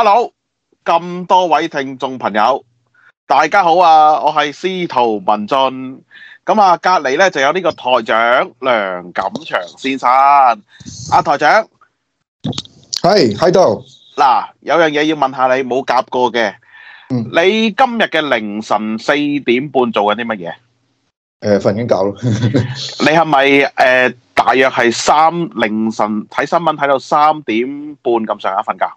hello，咁多位聽眾朋友，大家好啊！我係司徒文進咁啊，隔籬咧就有呢個台長梁錦祥先生啊。台長係喺度嗱，有樣嘢要問下你，冇夾過嘅，mm. 你今日嘅凌晨四點半做緊啲乜嘢？誒、uh,，瞓緊覺咯。你係咪誒？大約係三凌晨睇新聞睇到三點半咁上下瞓覺？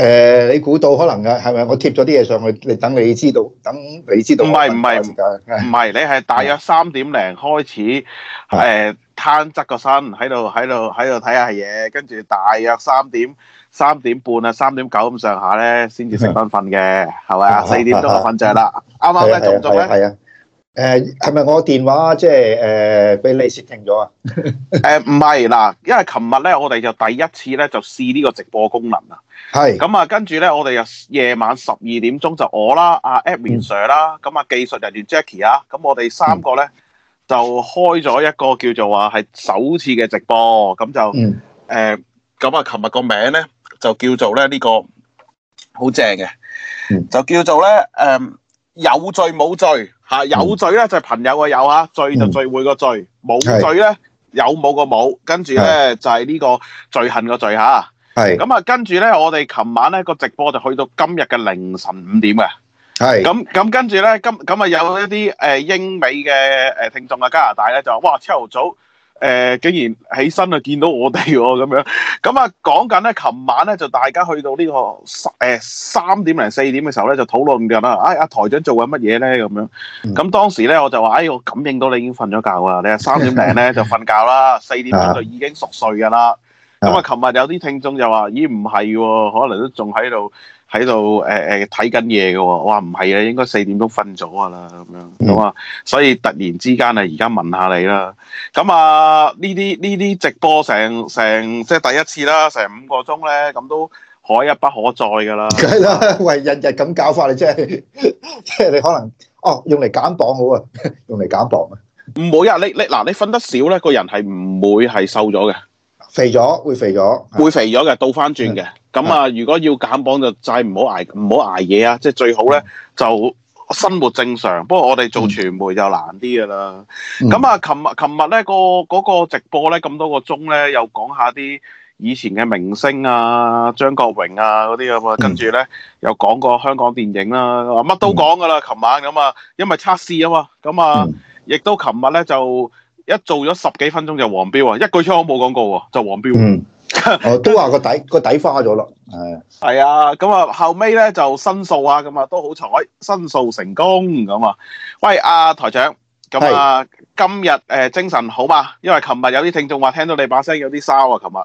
誒，你估到可能㗎，係咪？我貼咗啲嘢上去你等你知道，等你知道。唔係唔係唔係，你係大約三點零開始，誒攤側個身喺度喺度喺度睇下嘢，跟住大約三點三點半啊，三點九咁上下咧，先至食翻飯嘅，係咪啊？四點鐘就瞓着啦，啱唔啱啊？仲啊係啊。誒，係咪、呃、我電話即係誒，俾、呃、你截停咗啊？誒、 呃，唔係嗱，因為琴日咧，我哋就第一次咧就試呢個直播功能啊。係咁啊，跟住咧，我哋又夜晚十二點鐘就我啦，阿 Admin Sir 啦、嗯，咁啊，技術人員 Jackie 啊，咁我哋三個咧、嗯、就開咗一個叫做話係首次嘅直播咁就誒，咁啊、嗯，琴日個名咧就叫做咧呢個好正嘅，就叫做咧誒有罪冇罪。嚇有罪咧就係、是、朋友嘅友啊，聚就聚會個聚，冇、嗯、罪咧是的 有冇個冇，跟住咧是的 就係呢個罪恨個罪嚇。係咁啊，是的 跟住咧我哋琴晚咧個直播就去到今日嘅凌晨五點嘅。係咁，咁跟住咧，今咁啊有一啲誒英美嘅誒聽眾啊，加拿大咧就話哇，朝頭早。誒、呃、竟然起身就、哦、啊，見到我哋喎咁樣，咁啊講緊咧，琴晚咧就大家去到呢、這個誒三、呃、點零四點嘅時候咧，就討論緊啦。哎，阿、啊、台長做緊乜嘢咧？咁樣，咁當時咧我就話：，哎，我感應到你已經瞓咗覺啊！你係三點零咧 就瞓覺啦，四點鐘就已經熟睡㗎啦。咁啊，琴日有啲聽眾就話：，咦，唔係喎，可能都仲喺度。喺度誒誒睇緊嘢嘅喎，我話唔係啊，應該四點鐘瞓咗啊啦，咁樣咁啊，所以突然之間啊，而家問下你啦，咁啊呢啲呢啲直播成成即係第一次啦，成五個鐘咧，咁都可一不可再㗎啦，係啦，喂，日日咁教法，你即係即係你可能哦，用嚟減磅好啊，用嚟減磅啊，唔會啊，你你嗱，你瞓得少咧，個人係唔會係瘦咗嘅，肥咗會肥咗，會肥咗嘅倒翻轉嘅。咁啊，如果要減磅就就係唔好挨唔好挨夜啊！即係最好咧就生活正常。不過我哋做傳媒就難啲㗎啦。咁、嗯、啊，琴日琴日咧、嗰個嗰、嗰個、直播咧咁多個鐘咧，又講下啲以前嘅明星啊，張國榮啊嗰啲咁啊，跟住咧又講過香港電影啦、啊，乜都講㗎啦。琴、嗯、晚咁啊，因為測試啊嘛，咁啊亦、嗯、都琴日咧就一做咗十幾分鐘就黃標啊，一句粗口冇講過喎，就黃標。嗯哦，都話個底個底花咗咯，係係啊，咁啊後尾咧就申訴啊，咁啊都好彩，申訴成功咁啊。喂，阿、啊、台長，咁啊是今日誒精神好嘛？因為琴日有啲聽眾話聽到你把聲有啲沙啊，琴日。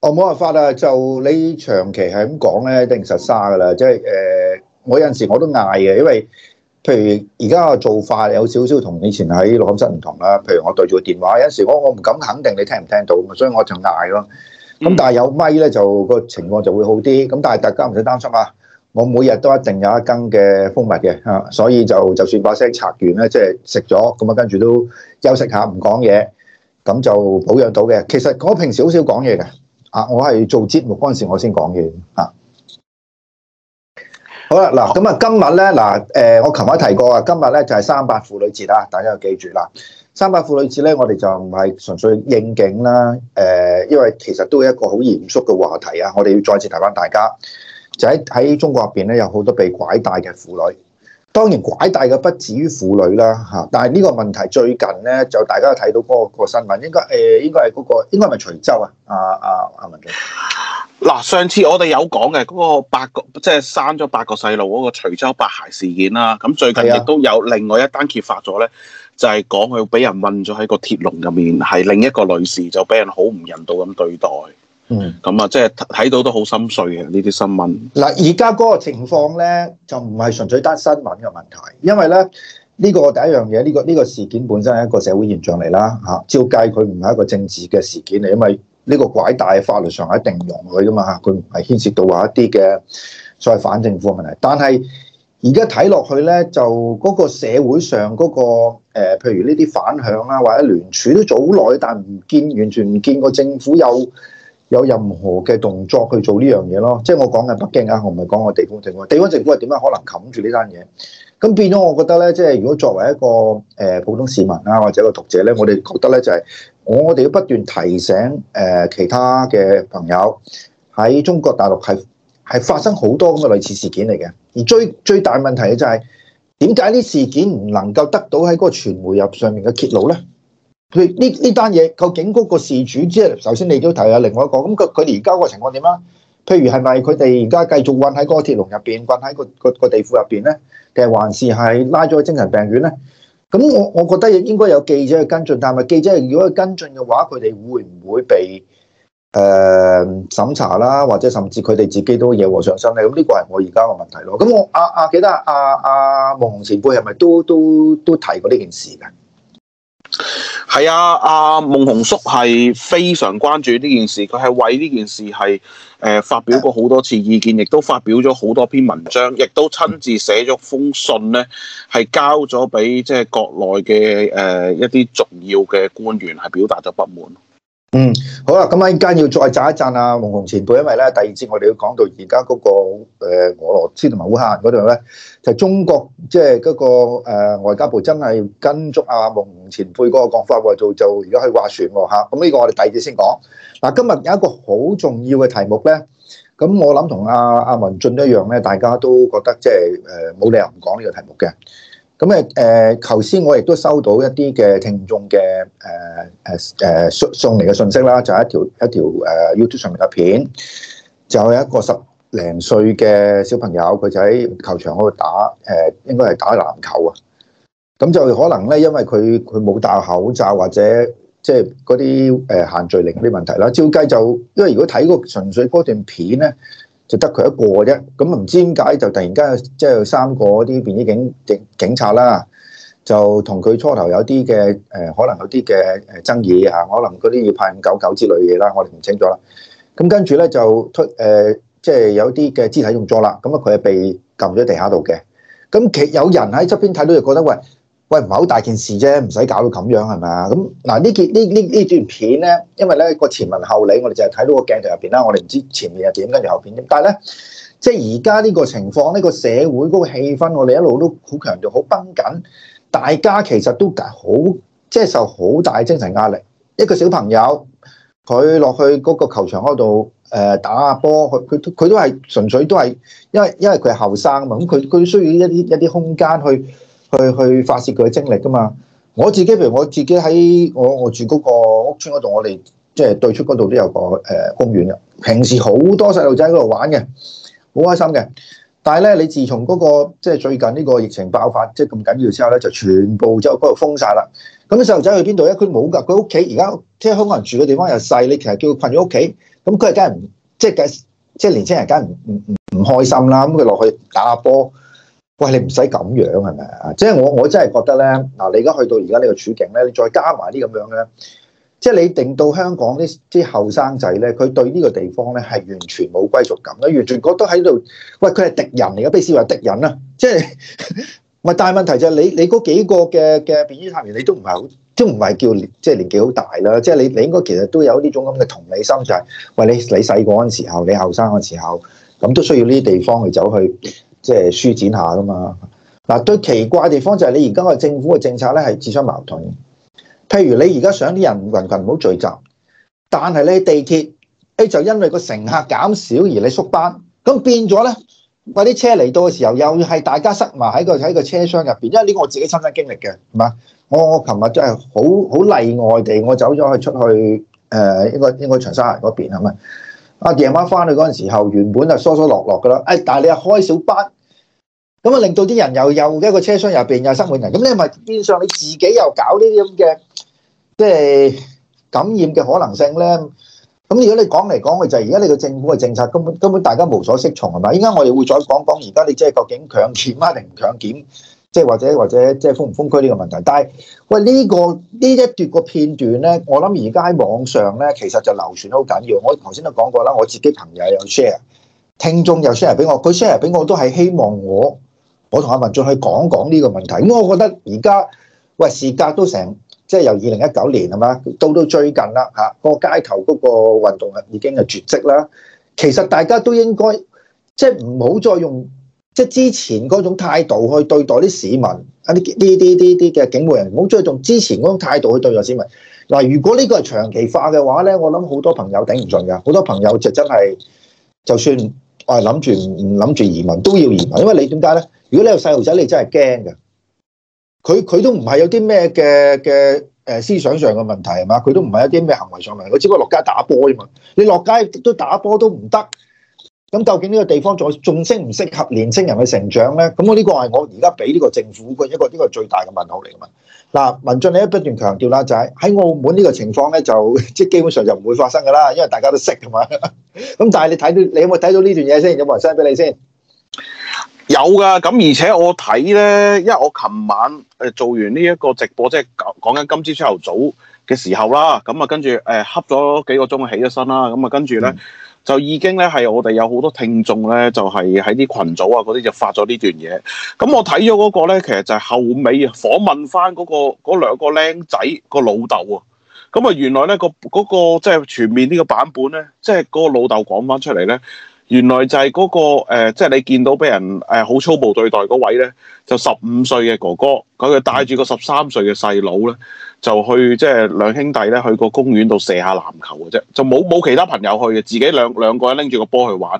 哦，冇辦法啊，就你長期係咁講咧，一定實沙噶啦。即係誒，我有陣時我都嗌嘅，因為譬如而家個做法有少少同以前喺錄音室唔同啦。譬如我對住個電話，有陣時我我唔敢肯定你聽唔聽到，所以我就嗌咯。咁、嗯、但係有咪咧就個情況就會好啲。咁但係大家唔使擔心啊！我每日都一定有一羹嘅蜂蜜嘅啊，所以就就算把聲拆完咧，即係食咗咁啊，跟住都休息下唔講嘢，咁就保養到嘅。其實我平時好少講嘢嘅啊，我係做節目嗰陣時我先講嘢吓。好啦，嗱咁啊，今日咧嗱誒，我琴日提過啊，今日咧就係三八婦女節啦，大家要記住啦。三八婦女節咧，我哋就唔係純粹應景啦。誒、呃，因為其實都係一個好嚴肅嘅話題啊！我哋要再次提翻大家，就喺喺中國入邊咧，有好多被拐帶嘅婦女。當然，拐帶嘅不止於婦女啦，嚇！但係呢個問題最近咧，就大家睇到嗰、那個那個新聞，應該誒、呃，應該係嗰、那個應該係咪徐州啊？阿阿阿文進嗱，上次我哋有講嘅嗰個八個，即、就、係、是、生咗八個細路嗰個徐州八孩事件啦、啊。咁最近亦都有另外一單揭發咗咧。就係講佢俾人困咗喺個鐵籠入面，係另一個女士就俾人好唔人道咁對待，嗯，咁啊，即係睇到都好心碎嘅呢啲新聞。嗱，而家嗰個情況咧就唔係純粹單新聞嘅問題，因為咧呢個第一樣嘢，呢個呢個事件本身係一個社會現象嚟啦，嚇。照計佢唔係一個政治嘅事件嚟，因為呢個拐帶法律上係一定容許噶嘛，佢唔係牽涉到話一啲嘅所謂反政府問題。但係而家睇落去咧，就嗰個社會上嗰個。誒，譬如呢啲反響啊，或者聯署都做好耐，但唔見完全唔見個政府有有任何嘅動作去做呢樣嘢咯。即係我講緊北京啊，我唔係講個地方政府。地方政府係點樣可能冚住呢單嘢？咁變咗，我覺得咧，即係如果作為一個誒普通市民啊，或者一個讀者咧，我哋覺得咧就係我哋要不斷提醒誒其他嘅朋友喺中國大陸係係發生好多咁嘅類似事件嚟嘅。而最最大問題嘅就係。點解啲事件唔能夠得到喺嗰個傳媒入上面嘅揭露咧？佢呢呢單嘢究竟嗰個事主即係、就是，首先你都提下另外一個，咁佢佢而家個情況點啊？譬如係咪佢哋而家繼續困喺個鐵籠入邊，困喺個個地庫入邊咧？定還是係拉咗去精神病院咧？咁我我覺得應該有記者去跟進，但係記者如果去跟進嘅話，佢哋會唔會被？誒，審、呃、查啦，或者甚至佢哋自己都惹禍上身咧，咁、嗯、呢、這個係我而家嘅問題咯。咁、嗯嗯、我阿阿記得阿阿孟洪前輩係咪都都都提過呢件事嘅？係啊，阿孟洪叔係非常關注呢件事，佢係為呢件事係誒、呃、發表過好多次意見，亦都發表咗好多篇文章，亦都親自寫咗封信呢，係交咗俾即係國內嘅誒、呃、一啲重要嘅官員，係表達咗不滿。嗯，好啦，今晚陣間要再讚一讚阿夢熊前輩，因為咧第二節我哋要講到而家嗰個誒、呃、俄羅斯同埋烏克蘭嗰度咧，就是、中國即係嗰個誒、呃、外交部真係跟足阿夢熊前輩嗰個講法喎，就就而家去斡旋喎吓，咁、啊、呢個我哋第二節先講。嗱、啊，今日有一個好重要嘅題目咧，咁我諗同阿阿文進一樣咧，大家都覺得即係誒冇理由唔講呢個題目嘅。咁誒誒，頭先、嗯、我亦都收到一啲嘅聽眾嘅誒誒誒送嚟嘅信息啦，就係、是、一條一條誒 YouTube 上面嘅片，就係一個十零歲嘅小朋友，佢就喺球場嗰度打誒、呃，應該係打籃球啊。咁就可能咧，因為佢佢冇戴口罩或者即係嗰啲誒限聚令啲問題啦。照計就，因為如果睇個純粹嗰段片咧。就得佢一個啫，咁啊唔知點解就突然間即係有三個啲便衣警警警察啦，就同佢初頭有啲嘅誒，可能有啲嘅誒爭議吓，可能嗰啲要派五九九之類嘢啦，我哋唔清楚啦。咁跟住咧就推誒，即、呃、係、就是、有啲嘅肢體用咗啦。咁啊，佢係被撳咗地下度嘅。咁其實有人喺側邊睇到就覺得喂。喂，唔係好大件事啫，唔使搞到咁樣，係咪啊？咁嗱，呢件呢呢呢段片咧，因為咧個前文後理，我哋淨係睇到個鏡頭入邊啦。我哋唔知前面係點，跟住後面點。但係咧，即係而家呢個情況，呢個社會嗰個氣氛，我哋一路都好強調，好崩緊。大家其實都好，即係受好大精神壓力。一個小朋友，佢落去嗰個球場嗰度，誒打下波，佢佢佢都係純粹都係，因為因為佢係後生啊嘛，咁佢佢需要一啲一啲空間去。去去發泄佢嘅精力㗎嘛！我自己譬如我自己喺我我住嗰個屋村嗰度，我哋即係對出嗰度都有個誒公園嘅，平時好多細路仔喺度玩嘅，好開心嘅。但係咧，你自從嗰個即係最近呢個疫情爆發，即係咁緊要之後咧，就全部就度封晒啦。咁細路仔去邊度咧？佢冇㗎，佢屋企而家即係香港人住嘅地方又細，你其實叫佢困喺屋企，咁佢係梗係即係梗即係年輕人梗係唔唔唔唔開心啦。咁佢落去打下波。喂，你唔使咁樣係咪啊？即係、就是、我我真係覺得咧，嗱，你而家去到而家呢個處境咧，你再加埋啲咁樣咧，即、就、係、是、你定到香港啲啲後生仔咧，佢、就是、對呢個地方咧係完全冇歸屬感，佢完全覺得喺度，喂，佢係敵人嚟嘅，比方話敵人啊。就是」即係唔但係問題就係、是、你你嗰幾個嘅嘅便衣探員，你都唔係好，都唔係叫即係、就是、年紀好大啦，即、就、係、是、你你應該其實都有呢種咁嘅同理心，就係、是、喂你你細個嗰陣時候，你後生嗰陣時候，咁都需要呢啲地方去走去。即係舒展下噶嘛？嗱、啊，最奇怪地方就係你而家個政府嘅政策咧係自相矛盾。譬如你而家想啲人羣群、唔好聚集，但係你地鐵誒就因為個乘客減少而你縮班，咁變咗咧，嗰啲車嚟到嘅時候又係大家塞埋喺個喺個車廂入邊，因為呢個我自己親身經歷嘅，係嘛？我我琴日真係好好例外地，我走咗去出去誒應該應該長沙灣嗰邊係咪？啊，夜晚翻去嗰陣時候，原本就疏疏落落噶啦，誒，但係你又開小班。咁啊，令到啲人又又一個車廂入邊又塞滿人，咁你咪變相你自己又搞呢啲咁嘅，即係感染嘅可能性咧。咁如果你講嚟講去就係而家你個政府嘅政策根本根本大家無所適從，係嘛？依家我哋會再講講而家你即係究竟強檢啊定唔強檢，即係或者或者即係封唔封區呢個問題。但係喂呢個呢一段個片段咧，我諗而家喺網上咧其實就流傳得好緊要。我頭先都講過啦，我自己朋友有 share，聽眾有 share 俾我，佢 share 俾我都係希望我。我同阿文進去講講呢個問題，咁我覺得而家喂時隔都成，即係由二零一九年係嘛，到到最近啦嚇，啊那個街頭嗰個運動已經係絕跡啦。其實大家都應該即係唔好再用即係之前嗰種態度去對待啲市民，啲呢啲啲啲嘅警務人唔好再用之前嗰種態度去對待市民。嗱、啊，如果呢個係長期化嘅話咧，我諗好多朋友頂唔順㗎，好多朋友就真係就算我係諗住唔諗住移民都要移民，因為你點解咧？如果你有細路仔，你真係驚㗎。佢佢都唔係有啲咩嘅嘅誒思想上嘅問題係嘛？佢都唔係有啲咩行為上嚟。佢只不過落街打波啫嘛。你落街都打波都唔得。咁究竟呢個地方仲仲適唔適合年青人去成長咧？咁我呢個係我而家俾呢個政府嘅一個呢、呢個最大嘅問號嚟嘅嘛。嗱，文進你一不斷強調啦、就係，就係喺澳門呢個情況咧，就即基本上就唔會發生㗎啦，因為大家都識係嘛。咁 但係你睇到你有冇睇到呢段嘢先？有冇人 send 俾你先？有噶，咁而且我睇咧，因為我琴晚誒做完呢一個直播，即係講講緊今朝出頭早嘅時候啦，咁啊跟住誒，恰、呃、咗幾個鐘起，起咗身啦，咁啊跟住咧，就已經咧係我哋有好多聽眾咧，就係喺啲群組啊嗰啲就發咗呢段嘢。咁、嗯、我睇咗嗰個咧，其實就係後尾啊，訪問翻嗰、那個嗰兩個僆仔個老豆啊。咁啊，原來咧、那個嗰、那個即係、就是、全面呢個版本咧，即係嗰個老豆講翻出嚟咧。原來就係嗰、嗰個、呃、即係你見到俾人誒好、呃、粗暴對待嗰位咧，就十五歲嘅哥哥佢就帶住個十三歲嘅細佬咧，就去即係兩兄弟咧去個公園度射下籃球嘅啫，就冇冇其他朋友去嘅，自己兩兩個人拎住個波去玩。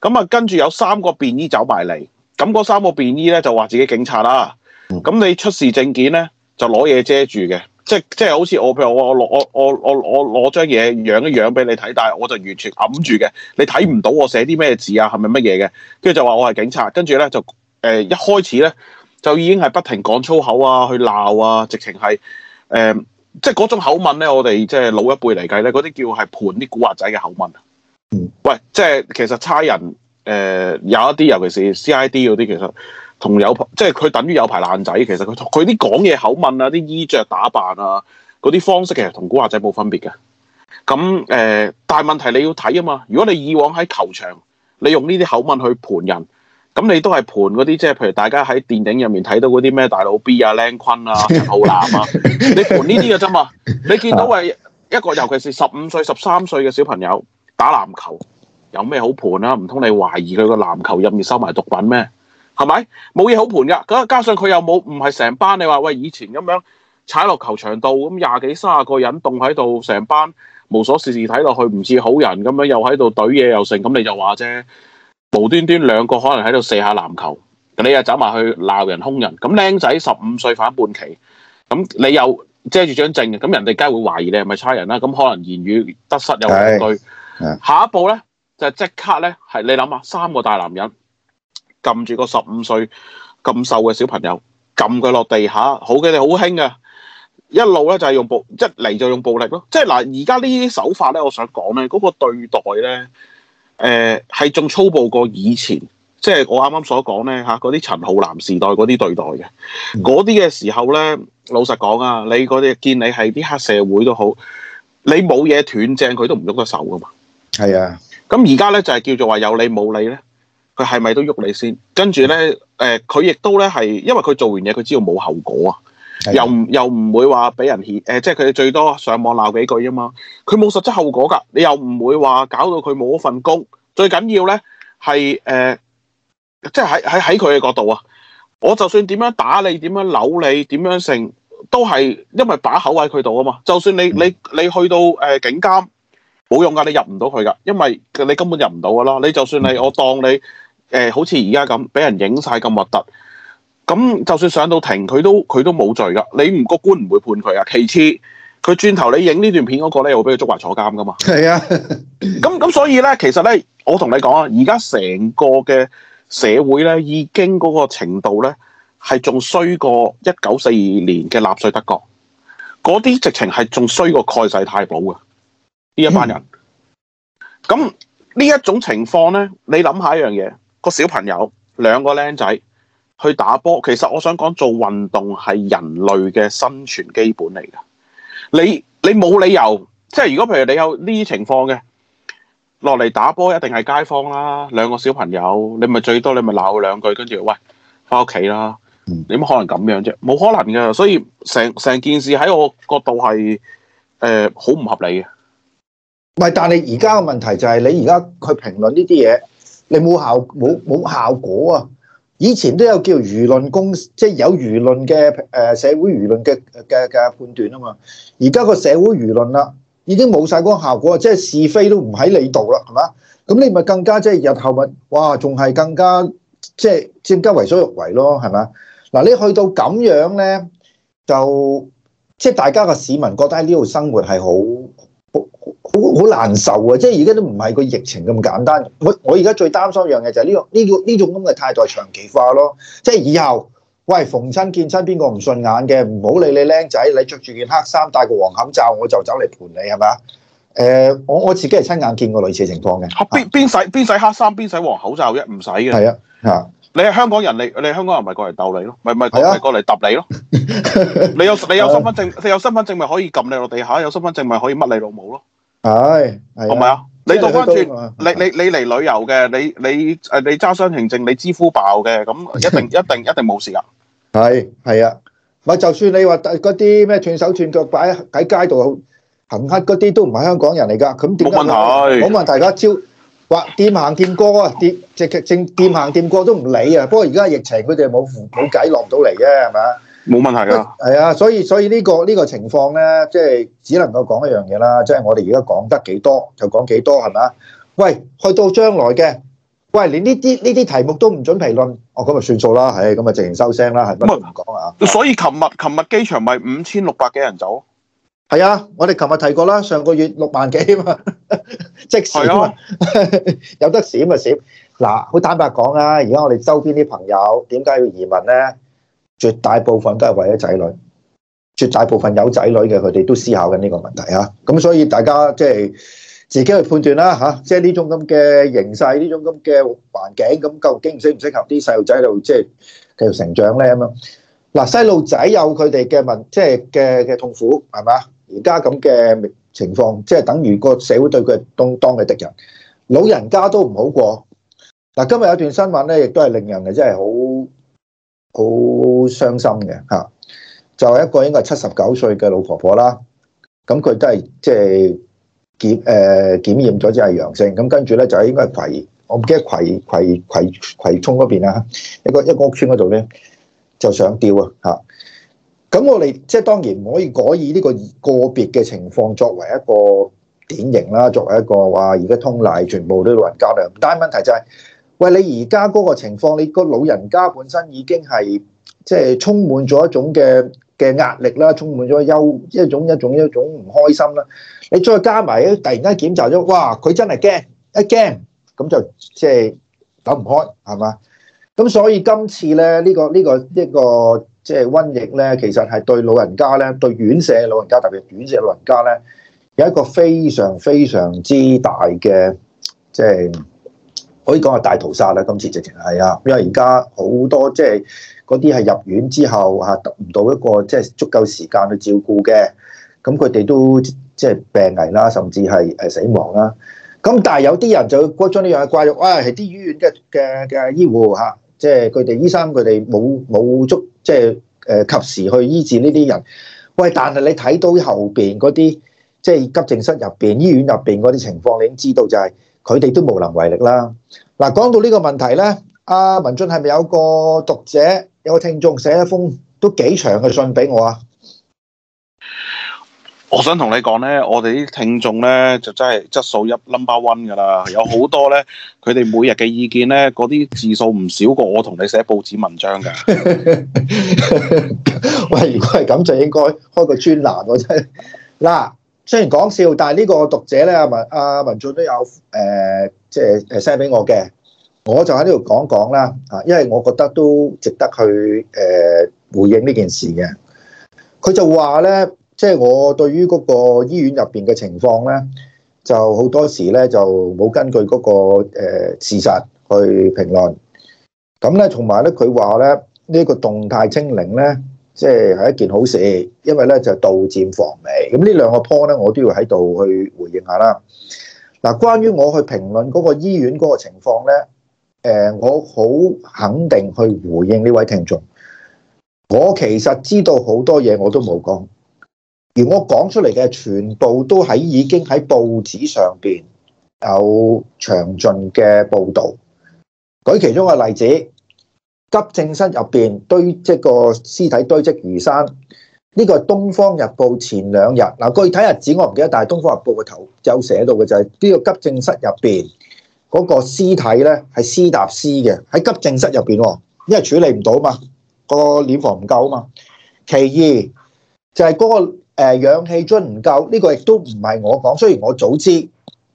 咁啊，跟住有三個便衣走埋嚟，咁嗰三個便衣咧就話自己警察啦。咁你出示證件咧就攞嘢遮住嘅。即即係好似我譬如我我攞我我我我攞張嘢揚一揚俾你睇，但係我就完全揞住嘅，你睇唔到我寫啲咩字啊，係咪乜嘢嘅？跟住就話我係警察，跟住咧就誒、呃、一開始咧就已經係不停講粗口啊，去鬧啊，直情係誒即係嗰種口吻咧，我哋即係老一輩嚟計咧，嗰啲叫係盤啲古惑仔嘅口吻。嗯，喂，即係其實差人誒有一啲，尤其是 CID 嗰啲，其實。同有即係佢等於有排爛仔，其實佢佢啲講嘢口吻啊，啲衣着打扮啊，嗰啲方式其實同古惑仔冇分別嘅。咁誒、呃，但係問題你要睇啊嘛。如果你以往喺球場，你用呢啲口吻去盤人，咁你都係盤嗰啲即係譬如大家喺電影入面睇到嗰啲咩大佬 B 啊、靚坤啊、浩南啊， 你盤呢啲嘅啫嘛。你見到係一個尤其是十五歲、十三歲嘅小朋友打籃球，有咩好盤啊？唔通你懷疑佢個籃球入面收埋毒品咩？係咪冇嘢好盤嘅？咁加上佢又冇，唔係成班。你話喂，以前咁樣踩落球場度，咁廿幾卅個人棟喺度，成班無所事事睇落去唔似好人咁樣，又喺度懟嘢又成。咁你就話啫，無端端兩個可能喺度射下籃球，你又走埋去鬧人兇人。咁僆仔十五歲反叛期，咁你又遮住張證，咁人哋梗係會懷疑你係咪差人啦？咁可能言語得失又成對。下一步咧就即刻咧係你諗下，三個大男人。撳住個十五歲咁瘦嘅小朋友，撳佢落地下，好嘅，你好輕呀，一路咧就係用暴，一嚟就用暴力咯。即係嗱，而家呢啲手法咧，我想講咧，嗰個對待咧，誒係仲粗暴過以前。即係我啱啱所講咧吓，嗰啲陳浩南時代嗰啲對待嘅，嗰啲嘅時候咧，老實講啊，你嗰啲見你係啲黑社會都好，你冇嘢斷正，佢都唔喐得手噶嘛。係啊，咁而家咧就係叫做話有理冇理咧。佢係咪都喐你先？跟住咧，誒、呃，佢亦都咧係，因為佢做完嘢，佢知道冇後果啊的，又唔又唔會話俾人欠、呃，即係佢最多上網鬧幾句啫嘛。佢冇實質後果㗎，你又唔會話搞到佢冇一份工。最緊要咧係誒，即係喺喺喺佢嘅角度啊，我就算點樣打你，點樣扭你，點樣成都係因為把口喺佢度啊嘛。就算你、嗯、你你，你去到誒警監，冇用㗎，你入唔到佢㗎，因為你根本入唔到㗎啦。你就算你我當你。誒、呃，好似而家咁俾人影晒咁核突，咁就算上到庭，佢都佢都冇罪噶。你唔個官唔會判佢啊。其次，佢轉頭你影呢段片嗰個咧，又俾佢捉埋坐監噶嘛。係啊， 咁咁所以咧，其實咧，我同你講啊，而家成個嘅社會咧，已經嗰個程度咧，係仲衰過一九四二年嘅納粹德國，嗰啲直情係仲衰過蓋世太保啊！呢一班人，咁呢 一種情況咧，你諗下一樣嘢。個小朋友兩個僆仔去打波，其實我想講，做運動係人類嘅生存基本嚟噶。你你冇理由，即係如果譬如你有呢啲情況嘅落嚟打波，一定係街坊啦。兩個小朋友，你咪最多你咪鬧佢兩句，跟住喂返屋企啦。你點可能咁樣啫？冇可能噶。所以成成件事喺我角度係誒好唔合理嘅。唔係，但係而家嘅問題就係、是、你而家去評論呢啲嘢。你冇效冇冇效果啊！以前都有叫輿論公，即係有輿論嘅誒社會輿論嘅嘅嘅判斷啊嘛。而家個社會輿論啦，已經冇晒嗰個效果，即係是非都唔喺你度啦，係嘛？咁你咪更加即係日後咪哇，仲係更加即係更加為所欲為咯，係咪嗱，你去到咁樣咧，就即係大家嘅市民覺得喺呢度生活係好。好好難受啊！即係而家都唔係個疫情咁簡單。我我而家最擔心一樣嘢就係呢個呢個呢種咁嘅態度長期化咯。即係以後，喂逢親見親邊個唔順眼嘅，唔好理你靚仔，你，你着住件黑衫戴個黃口罩，我就走嚟盤你係咪啊？誒、呃，我我自己係親眼見過類似情況嘅。邊邊使邊使黑衫邊使黃口罩啫？唔使嘅。係啊，嚇！你係香港人，你你香港人咪過嚟鬥你，啊、你咯？咪係唔過嚟揼你咯？你有你有身份證，你有身份證咪 可以撳你落地下，有身份證咪可以乜你老母咯？係，係咪啊？你做翻轉，你你你嚟旅遊嘅，你你誒，你揸雙程證，你支付寶嘅，咁一定一定一定冇事。係係啊，咪就算你話嗰啲咩斷手斷腳擺喺街度行乞嗰啲，都唔係香港人嚟噶，咁點解冇問題？冇問題噶，照話掂行掂過啊，掂直直正掂行掂過都唔理啊。不過而家疫情，佢哋冇冇計落唔到嚟嘅，係咪啊？冇問題噶，係、嗯、啊，所以所以呢個呢個情況咧，即係只能夠講一樣嘢啦，即係我哋而家講得幾多就講幾多，係咪啊？喂，去到將來嘅，喂，連呢啲呢啲題目都唔准評論，哦咁啊算數啦，係，咁啊直情收聲啦，係乜都唔講啊。所以琴日琴日機場咪五千六百幾人走？係啊，我哋琴日提過啦，上個月六萬幾嘛， 即時嘛、啊、 有得閃咪閃。嗱，好坦白講啊，而家我哋周邊啲朋友點解要移民咧？絕大部分都係為咗仔女，絕大部分有仔女嘅佢哋都思考緊呢個問題啊！咁所以大家即係、就是、自己去判斷啦嚇，即係呢種咁嘅形勢，呢種咁嘅環境，咁究竟適唔適合啲細路仔喺度即係繼續成長咧？咁樣嗱，細路仔有佢哋嘅問，即係嘅嘅痛苦係嘛？而家咁嘅情況，即、就、係、是、等於個社會對佢當當嘅敵人，老人家都唔好過。嗱、啊，今日有段新聞咧，亦都係令人嘅真係好。好傷心嘅吓，就係一個應該係七十九歲嘅老婆婆啦，咁佢都係即係檢誒檢驗咗之後係陽性，咁跟住咧就喺應該係葵，我唔記得葵葵葵葵涌嗰邊啦，一個一個屋村嗰度咧就想吊啊吓，咁我哋即係當然唔可以改以呢個個別嘅情況作為一個典型啦，作為一個話而家通例全部都老人家嘅，但係問題就係、是。喂，你而家嗰個情況，你個老人家本身已經係即係充滿咗一種嘅嘅壓力啦，充滿咗憂，一種一種一種唔開心啦。你再加埋，突然間檢查咗，哇！佢真係驚，一驚咁就即係走唔開，係嘛？咁所以今次咧，呢個呢個一個即係瘟疫咧，其實係對老人家咧，對院舍老人家特別院舍老人家咧，有一個非常非常之大嘅即係。就是可以講係大屠殺啦！今次直情係啊，因為而家好多即係嗰啲係入院之後嚇得唔到一個即係、就是、足夠時間去照顧嘅，咁佢哋都即係、就是、病危啦，甚至係誒死亡啦。咁但係有啲人就將呢樣怪肉，哇！係啲醫院嘅嘅嘅醫護嚇，即係佢哋醫生佢哋冇冇足即係誒及時去醫治呢啲人。喂，但係你睇到後邊嗰啲即係急症室入邊、醫院入邊嗰啲情況，你已經知道就係、是。佢哋都無能為力啦。嗱、啊，講到呢個問題咧，阿、啊、文俊係咪有個讀者有個聽眾寫一封都幾長嘅信俾我啊？我想同你講咧，我哋啲聽眾咧就真係質素一 number one 噶啦，有好多咧，佢哋每日嘅意見咧，嗰啲字數唔少過我同你寫報紙文章噶。 喂，如果係咁就應該開個專欄喎、啊，真係嗱。啊。雖然講笑，但係呢個讀者咧阿文阿文俊都有誒即係誒 send 俾我嘅，我就喺呢度講講啦嚇，因為我覺得都值得去誒、呃、回應呢件事嘅。佢就話咧，即、就、係、是、我對於嗰個醫院入邊嘅情況咧，就好多時咧就冇根據嗰個事實去評論。咁咧，同埋咧，佢話咧呢一、這個動態清零咧。即係一件好事，因為咧就杜漸防微。咁呢兩個 point 咧，我都要喺度去回應下啦。嗱，關於我去評論嗰個醫院嗰個情況呢，誒、呃，我好肯定去回應呢位聽眾。我其實知道好多嘢，我都冇講。而我講出嚟嘅全部都喺已經喺報紙上邊有詳盡嘅報導。舉其中嘅例子。急症室入邊堆積個屍體堆積如山，呢個《東方日報》前兩日嗱，具體日子我唔記得，但係《東方日報》個頭有寫到嘅就係呢個急症室入邊嗰個屍體咧，係屍搭屍嘅，喺急症室入邊，因為處理唔到啊嘛，個殮房唔夠啊嘛。其二就係嗰個誒氧氣樽唔夠，呢個亦都唔係我講，雖然我早知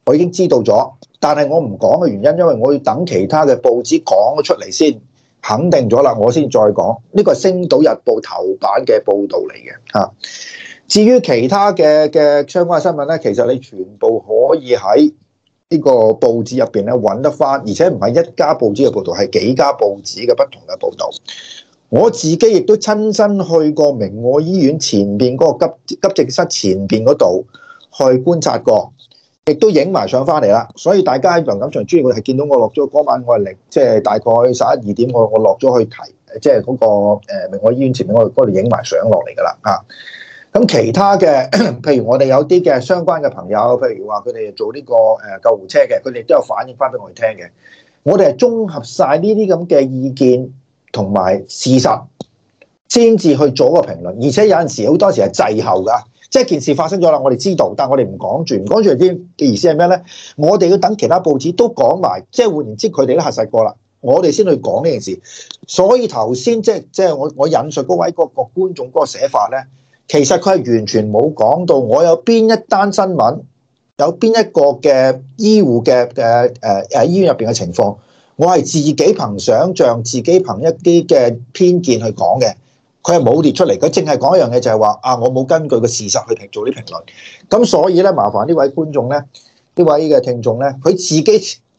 我已經知道咗，但係我唔講嘅原因，因為我要等其他嘅報紙講咗出嚟先。肯定咗啦，我先再講呢個係《星島日報》頭版嘅報導嚟嘅嚇。至於其他嘅嘅相關嘅新聞呢，其實你全部可以喺呢個報紙入邊咧揾得翻，而且唔係一家報紙嘅報導，係幾家報紙嘅不同嘅報導。我自己亦都親身去過明愛醫院前邊嗰個急急症室前邊嗰度去觀察過。亦都影埋相翻嚟啦，所以大家喺《梁錦祥專業係見到我落咗嗰晚，我係零，即係大概十一二點我，我我落咗去提，即係嗰個誒，明愛醫院前面我嗰度影埋相落嚟噶啦啊！咁其他嘅，譬如我哋有啲嘅相關嘅朋友，譬如話佢哋做呢個誒救護車嘅，佢哋都有反映翻俾我哋聽嘅。我哋係綜合晒呢啲咁嘅意見同埋事實，先至去做一個評論。而且有陣時好多時係滯後噶。即係件事發生咗啦，我哋知道，但係我哋唔講住，唔講住啲嘅意思係咩呢？我哋要等其他報紙都講埋，即係換言之，佢哋都核實過啦，我哋先去講呢件事。所以頭先即係即係我我引述嗰位個個觀眾嗰個寫法呢，其實佢係完全冇講到我有邊一單新聞，有邊一個嘅醫護嘅嘅誒誒醫院入邊嘅情況，我係自己憑想像，自己憑一啲嘅偏見去講嘅。佢係冇列出嚟，佢淨係講一樣嘢就係話：啊，我冇根據個事實去評做啲評論。咁所以咧，麻煩呢位觀眾咧，呢位嘅聽眾咧，佢自己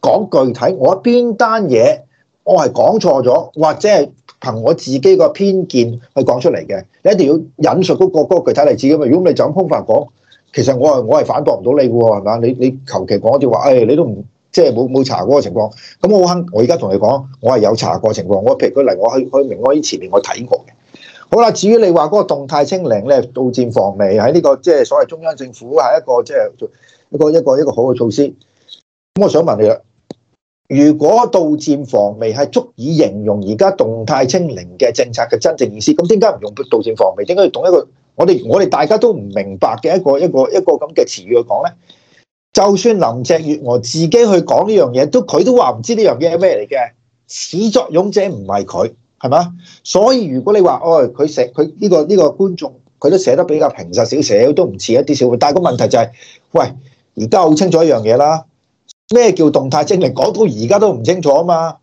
講具體，我邊單嘢我係講錯咗，或者係憑我自己個偏見去講出嚟嘅，你一定要引述嗰個個具體例子咁啊！如果你就咁空泛講，其實我係我係反駁唔到你嘅喎，係嘛？你你求其講一啲話，誒、哎、你都唔即係冇冇查嗰個情況。咁我肯我而家同你講，我係有查過情況。我譬如佢嚟，我去我去，去明威前面我，我睇過嘅。好啦，至於你話嗰個動態清零咧，杜漸防微喺呢個即係、就是、所謂中央政府係一個即係、就是、一個一個一個,一個好嘅措施。咁我想問你啦，如果杜漸防微係足以形容而家動態清零嘅政策嘅真正意思，咁點解唔用杜漸防微？點解要用一個我哋我哋大家都唔明白嘅一個一個一個咁嘅詞語去講咧？就算林鄭月娥自己去講呢樣嘢，都佢都話唔知呢樣嘢係咩嚟嘅始作俑者唔係佢。係嘛？所以如果你話，哦、哎，佢寫佢呢個呢、這個觀眾，佢都寫得比較平實少少，都唔似一啲少。但係個問題就係、是，喂，而家好清楚一樣嘢啦，咩叫動態證明？講到而家都唔清楚啊嘛。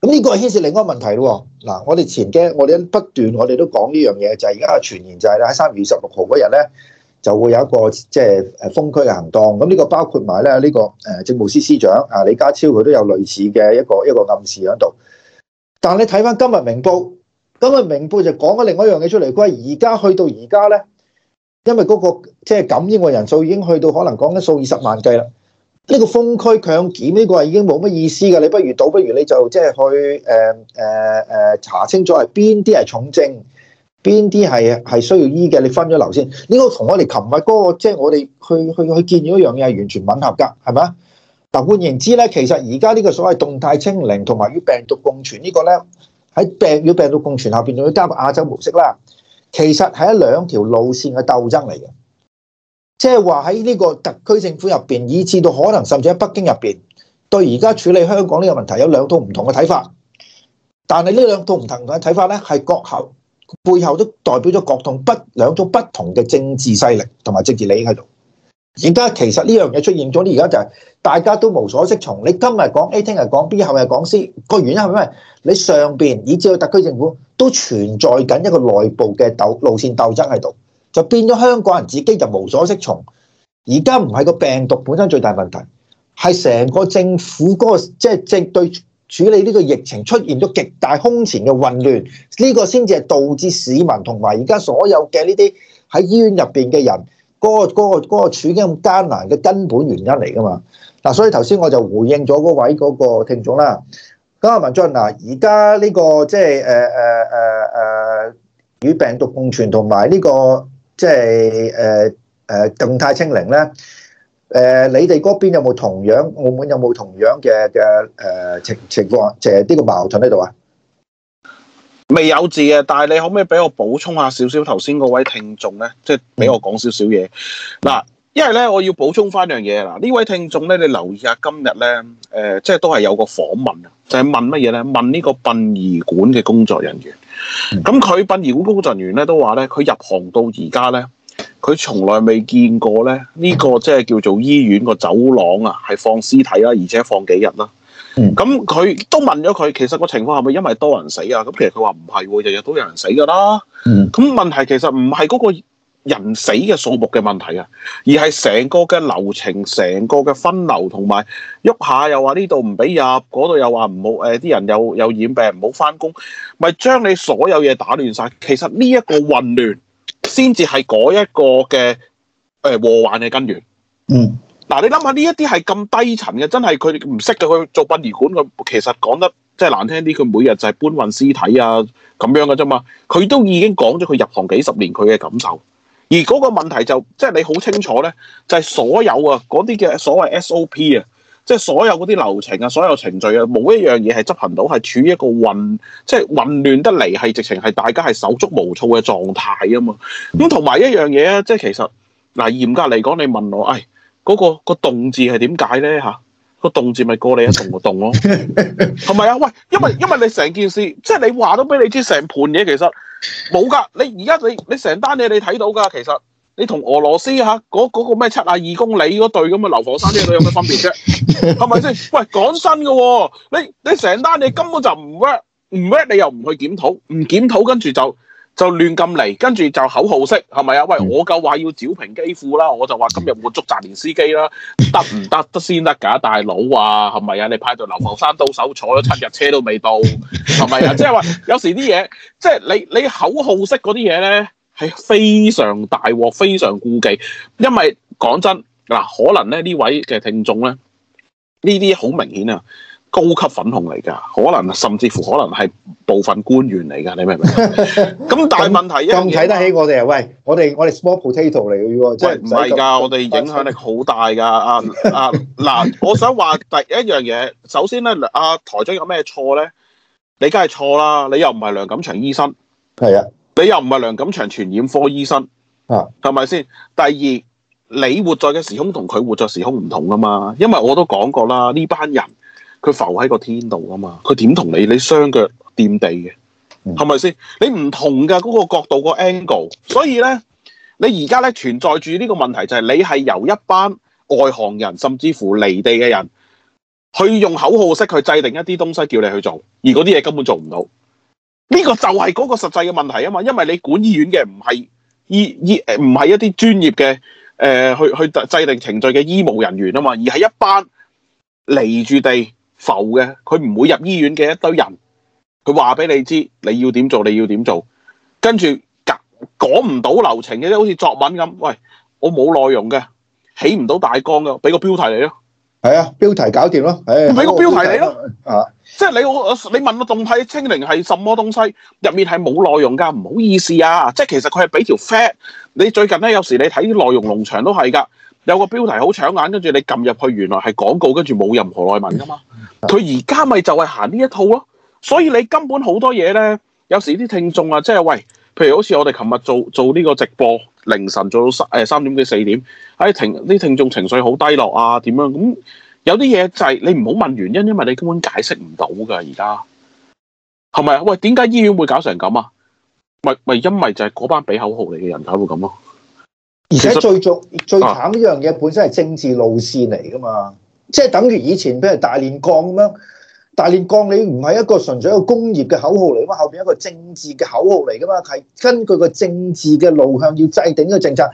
咁呢個係牽涉另一個問題咯、哦。嗱，我哋前幾，我哋不斷，我哋都講呢樣嘢，就係而家嘅傳言就係喺三月十六號嗰日咧，就會有一個即係誒封區嘅行動。咁呢個包括埋咧呢個誒政務司司長啊李家超，佢都有類似嘅一個一個暗示喺度。但你睇翻今日明報，今日明報就講咗另外一樣嘢出嚟，佢而家去到而家咧，因為嗰個即係感染嘅人數已經去到可能講緊數以十萬計啦。呢個封區強檢呢個係已經冇乜意思㗎，你不如倒不如你就即係去誒誒誒查清楚係邊啲係重症，邊啲係係需要醫嘅，你分咗流先。呢個同我哋琴日嗰個即係我哋去去去見咗一樣嘢，完全吻合㗎，係咪啊？嗱，換言之咧，其實而家呢個所謂動態清零同埋與病毒共存個呢個咧，喺病與病毒共存後邊，仲要加入亞洲模式啦。其實係一兩條路線嘅鬥爭嚟嘅，即係話喺呢個特區政府入邊，以至到可能甚至喺北京入邊，對而家處理香港呢個問題有兩套唔同嘅睇法。但係呢兩套唔同嘅睇法咧，係背後背後都代表咗不，不同不兩種不同嘅政治勢力同埋政治利益喺度。而家其實呢樣嘢出現咗，呢而家就係大家都無所適從。你今日講 A，聽日講 B，後日講 C，個原因係咪因為你上邊，以至到特區政府都存在緊一個內部嘅鬥路線鬥爭喺度，就變咗香港人自己就無所適從。而家唔係個病毒本身最大問題，係成個政府嗰個即係正對處理呢個疫情出現咗極大空前嘅混亂，呢個先至係導致市民同埋而家所有嘅呢啲喺醫院入邊嘅人。.嗰、那個嗰、那個嗰個處境咁艱難嘅根本原因嚟㗎嘛。嗱、啊，所以頭先我就回應咗嗰位嗰個聽眾啦。咁阿文進嗱，而家呢個即係誒誒誒誒與病毒共存同埋呢個即係誒誒動態清零咧誒、呃，你哋嗰邊有冇同樣，澳門有冇同樣嘅嘅誒情情況，即係呢個矛盾喺度啊？未有字嘅，但係你可唔可以俾我補充下少少頭先嗰位聽眾呢，即係俾我講少少嘢嗱，因為呢，我要補充翻樣嘢嗱，呢位聽眾呢，你留意下今日呢，誒、呃，即係都係有個訪問，就係、是、問乜嘢呢？問呢個殯儀館嘅工作人員，咁佢、嗯、殯儀館工作人員呢，都話呢，佢入行到而家呢，佢從來未見過呢，呢、這個即係叫做醫院個走廊啊，係放屍體啦，而且放幾日啦。咁佢、嗯、都問咗佢，其實個情況係咪因為多人死啊？咁其實佢話唔係喎，日日都有人死㗎啦。咁、嗯、問題其實唔係嗰個人死嘅數目嘅問題啊，而係成個嘅流程、成個嘅分流同埋喐下，又話呢度唔俾入，嗰度又話唔好，誒、呃、啲人又又染病唔好返工，咪、就、將、是、你所有嘢打亂晒。其實呢一個混亂，先至係嗰一個嘅誒禍患嘅根源。嗯。嗱、啊，你諗下呢一啲係咁低層嘅，真係佢唔識嘅。佢做殯儀館嘅，其實講得即係難聽啲，佢每日就係搬運屍體啊咁樣嘅啫嘛。佢都已經講咗佢入行幾十年佢嘅感受，而嗰個問題就即係你好清楚咧，就係、是、所有啊嗰啲嘅所謂 SOP 啊，即係所有嗰啲流程啊，所有程序啊，冇一樣嘢係執行到係處於一個混即係、就是、混亂得嚟，係直情係大家係手足無措嘅狀態啊嘛。咁同埋一樣嘢啊，即係其實嗱嚴格嚟講，你問我，誒、哎？嗰、嗰個、嗰個動字係點解咧？嚇、嗰，個動字咪過你一動個動咯，係咪啊？喂，因為因為你成件事，即係你話都俾你知，成盤嘢其實冇噶。你而家你你成單嘢你睇到噶，其實你同俄羅斯嚇嗰、啊嗰個咩七啊二公里嗰對咁嘅流火山呢對有乜分別啫？係咪先？喂，講真嘅喎，你你成單你根本就唔 work，唔 work 你又唔去檢討，唔檢討跟住就。就亂咁嚟，跟住就口號式，係咪啊？喂，我夠話要招平基輔啦，我就話今日活捉澤連斯基啦，得唔得得先得㗎，大佬啊，係咪啊？你派到流浮山刀手坐咗七日車都未到，係咪啊？即係話有時啲嘢，即係你你口號式嗰啲嘢咧，係非常大鑊，非常顧忌，因為講真嗱，可能咧呢位嘅聽眾咧，呢啲好明顯啊。高級粉紅嚟㗎，可能甚至乎可能係部分官員嚟㗎，你明唔明？咁 但係問題一，仲睇 得起我哋啊？喂，我哋 我哋 small potato 嚟嘅喎，真係唔係㗎？我哋影響力好大㗎，啊啊！嗱， 我想話第一樣嘢，首先咧，阿、啊、台長有咩錯咧？你梗係錯啦，你又唔係梁錦祥醫生，係啊，你又唔係梁錦祥傳染科醫生，啊，係咪先？第二，你活在嘅時空同佢活在時空唔同啊嘛，因為我都講過啦，呢班人。佢浮喺個天度啊嘛，佢點同你？你雙腳掂地嘅，係咪先？你唔同㗎嗰、嗰個角度、個 angle，所以咧，你而家咧存在住呢個問題就係你係由一班外行人，甚至乎離地嘅人去用口號式去制定一啲東西叫你去做，而嗰啲嘢根本做唔到。呢、呢個就係嗰個實際嘅問題啊嘛，因為你管醫院嘅唔係醫醫誒，唔係、呃、一啲專業嘅誒、呃、去去制定程序嘅醫務人員啊嘛，而係一班離住地浮嘅，佢唔會入醫院嘅一堆人，佢話俾你知你要點做，你要點做，跟住講唔到流程嘅，好似作文咁。喂，我冇內容嘅，起唔到大綱嘅。俾個標題你咯。係啊，標題搞掂咯。唉、哎，俾個標題、啊、你咯。即係你我你問我動態清零係什麼東西？入面係冇內容㗎，唔好意思啊。即係其實佢係俾條 fat。你最近咧，有時你睇啲內容農場都係㗎，有個標題好搶眼，跟住你撳入去，原來係廣告，跟住冇任何內文㗎嘛。佢而家咪就係行呢一套咯、啊，所以你根本好多嘢咧，有時啲聽眾啊，即係喂，譬如好似我哋琴日做做呢個直播，凌晨做到三三點幾四點，喺停啲聽眾情緒好低落啊，點樣咁、嗯？有啲嘢就係你唔好問原因，因為你根本解釋唔到㗎而家，係咪啊？喂，點解醫院會搞成咁啊？咪咪因為就係嗰班俾口號嚟嘅人搞到咁咯，而且最重實、啊、最慘呢樣嘢本身係政治路線嚟噶嘛。即係等於以前，譬如大煉鋼咁樣，大煉鋼你唔係一個純粹一個工業嘅口號嚟噶嘛，後邊一個政治嘅口號嚟噶嘛？係根據個政治嘅路向要制定呢個政策。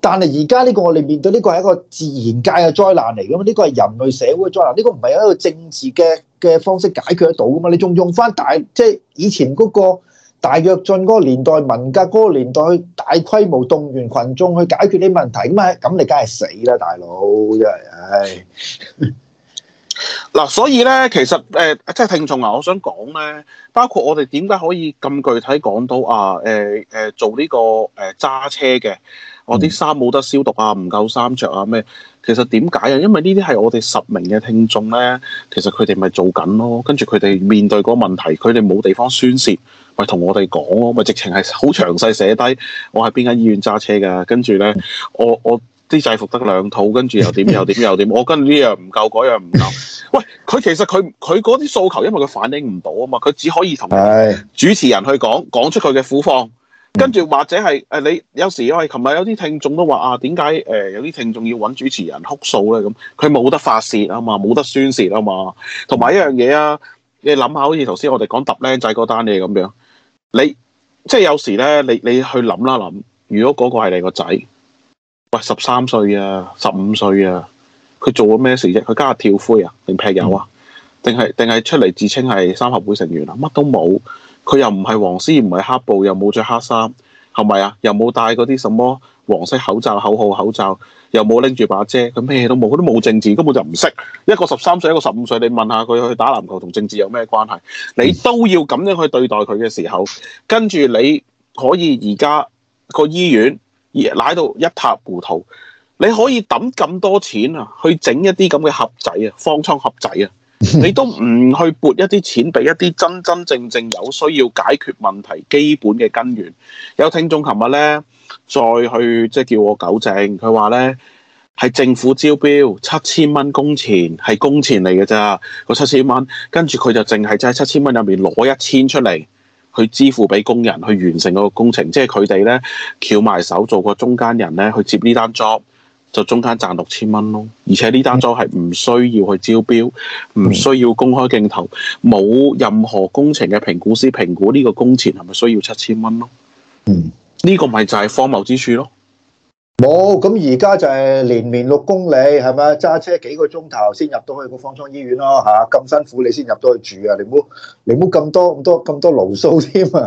但係而家呢個我哋面對呢個係一個自然界嘅災難嚟噶嘛。呢個係人類社會嘅災難，呢個唔係一個政治嘅嘅方式解決得到噶嘛？你仲用翻大即係以前嗰個？大躍進嗰年代，文革嗰年代去大規模動員群眾去解決啲問題，咁啊，咁你梗係死啦，大佬真係，唉、哎。 嗱、啊，所以咧，其實誒，即、呃、係聽眾啊，我想講咧，包括我哋點解可以咁具體講到啊，誒、呃、誒、呃、做呢、這個誒揸、呃、車嘅，我啲衫冇得消毒啊，唔夠衫着啊，咩？其實點解啊？因為呢啲係我哋十名嘅聽眾咧，其實佢哋咪做緊咯，跟住佢哋面對嗰個問題，佢哋冇地方宣泄，咪同我哋講咯，咪直情係好詳細寫低，我喺邊間醫院揸車㗎，跟住咧，我我。啲制服得兩套，跟住又點又點又點， 我跟呢樣唔夠，嗰樣唔夠。喂，佢其實佢佢嗰啲訴求，因為佢反應唔到啊嘛，佢只可以同主持人去講講出佢嘅苦況，跟住或者係誒你有時，因為琴日有啲聽眾都話啊，點解誒有啲聽眾要揾主持人哭訴咧？咁佢冇得發泄啊嘛，冇得宣泄啊嘛。同埋一樣嘢啊，你諗下，好似頭先我哋講揼僆仔嗰單嘢咁樣，你即係有時呢，你你，你去諗啦諗，如果嗰個係你個仔。喂，十三歲啊，十五歲啊，佢做咗咩事啫？佢家下跳灰啊，定劈友啊？定係定係出嚟自稱係三合會成員啊？乜都冇，佢又唔係黃絲，唔係黑布，又冇着黑衫，係咪啊？又冇戴嗰啲什麼黃色口罩、口號口罩，又冇拎住把遮，佢咩都冇，佢都冇政治，根本就唔識。一個十三歲，一個十五歲，你問下佢去打籃球同政治有咩關係？你都要咁樣去對待佢嘅時候，跟住你可以而家個醫院。奶到一塌糊塗，你可以抌咁多錢啊，去整一啲咁嘅盒仔啊，方艙盒仔啊， 你都唔去撥一啲錢俾一啲真真正正有需要解決問題基本嘅根源。有聽眾琴日呢，再去即係叫我糾正，佢話呢係政府招標七千蚊工錢，係工錢嚟嘅咋，個七千蚊，跟住佢就淨係喺七千蚊入面攞一千出嚟。去支付俾工人去完成嗰個工程，即係佢哋咧撬埋手做個中間人咧，去接呢單 job 就中間賺六千蚊咯。而且呢單 job 係唔需要去招標，唔需要公開競投，冇任何工程嘅評估師評估呢個工錢係咪需要七千蚊咯？嗯，呢個咪就係荒謬之處咯。冇，咁而家就係連綿六公里，係咪？揸車幾個鐘頭先入到去個方艙醫院咯，吓、啊、咁辛苦你先入到去住啊！你唔好，你唔好咁多咁多咁多牢騷添啊！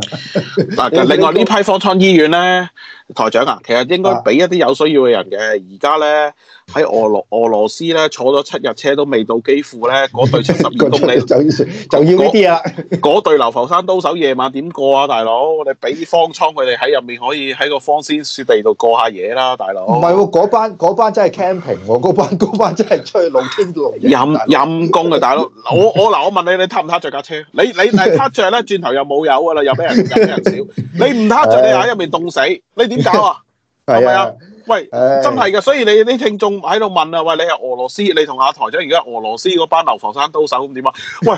嗱，另外呢 批方艙醫院咧，台長啊，其實應該俾一啲有需要嘅人嘅，而家咧。喺俄羅俄羅斯咧坐咗七日車都未到基輔咧，嗰隊七十二公里就 要就要呢啲啦。嗰隊流浮山刀手夜晚點過啊，大佬！我哋俾啲方艙佢哋喺入面可以喺個芳鮮雪地度過下嘢啦，大佬。唔係喎，嗰班班真係 camping 嗰、啊、班班真係出去露天任飲陰功啊，大佬！我我嗱，我問你，你撻唔撻着架車？你你你撻著咧，轉頭又冇油噶啦，又俾人又俾人少。你唔撻着，你喺入面凍死，你點搞啊？係咪啊？喂，真係噶，所以你啲聽眾喺度問啊，喂，你係俄羅斯，你同阿台長而家俄羅斯嗰班流浮山刀手咁點啊？喂，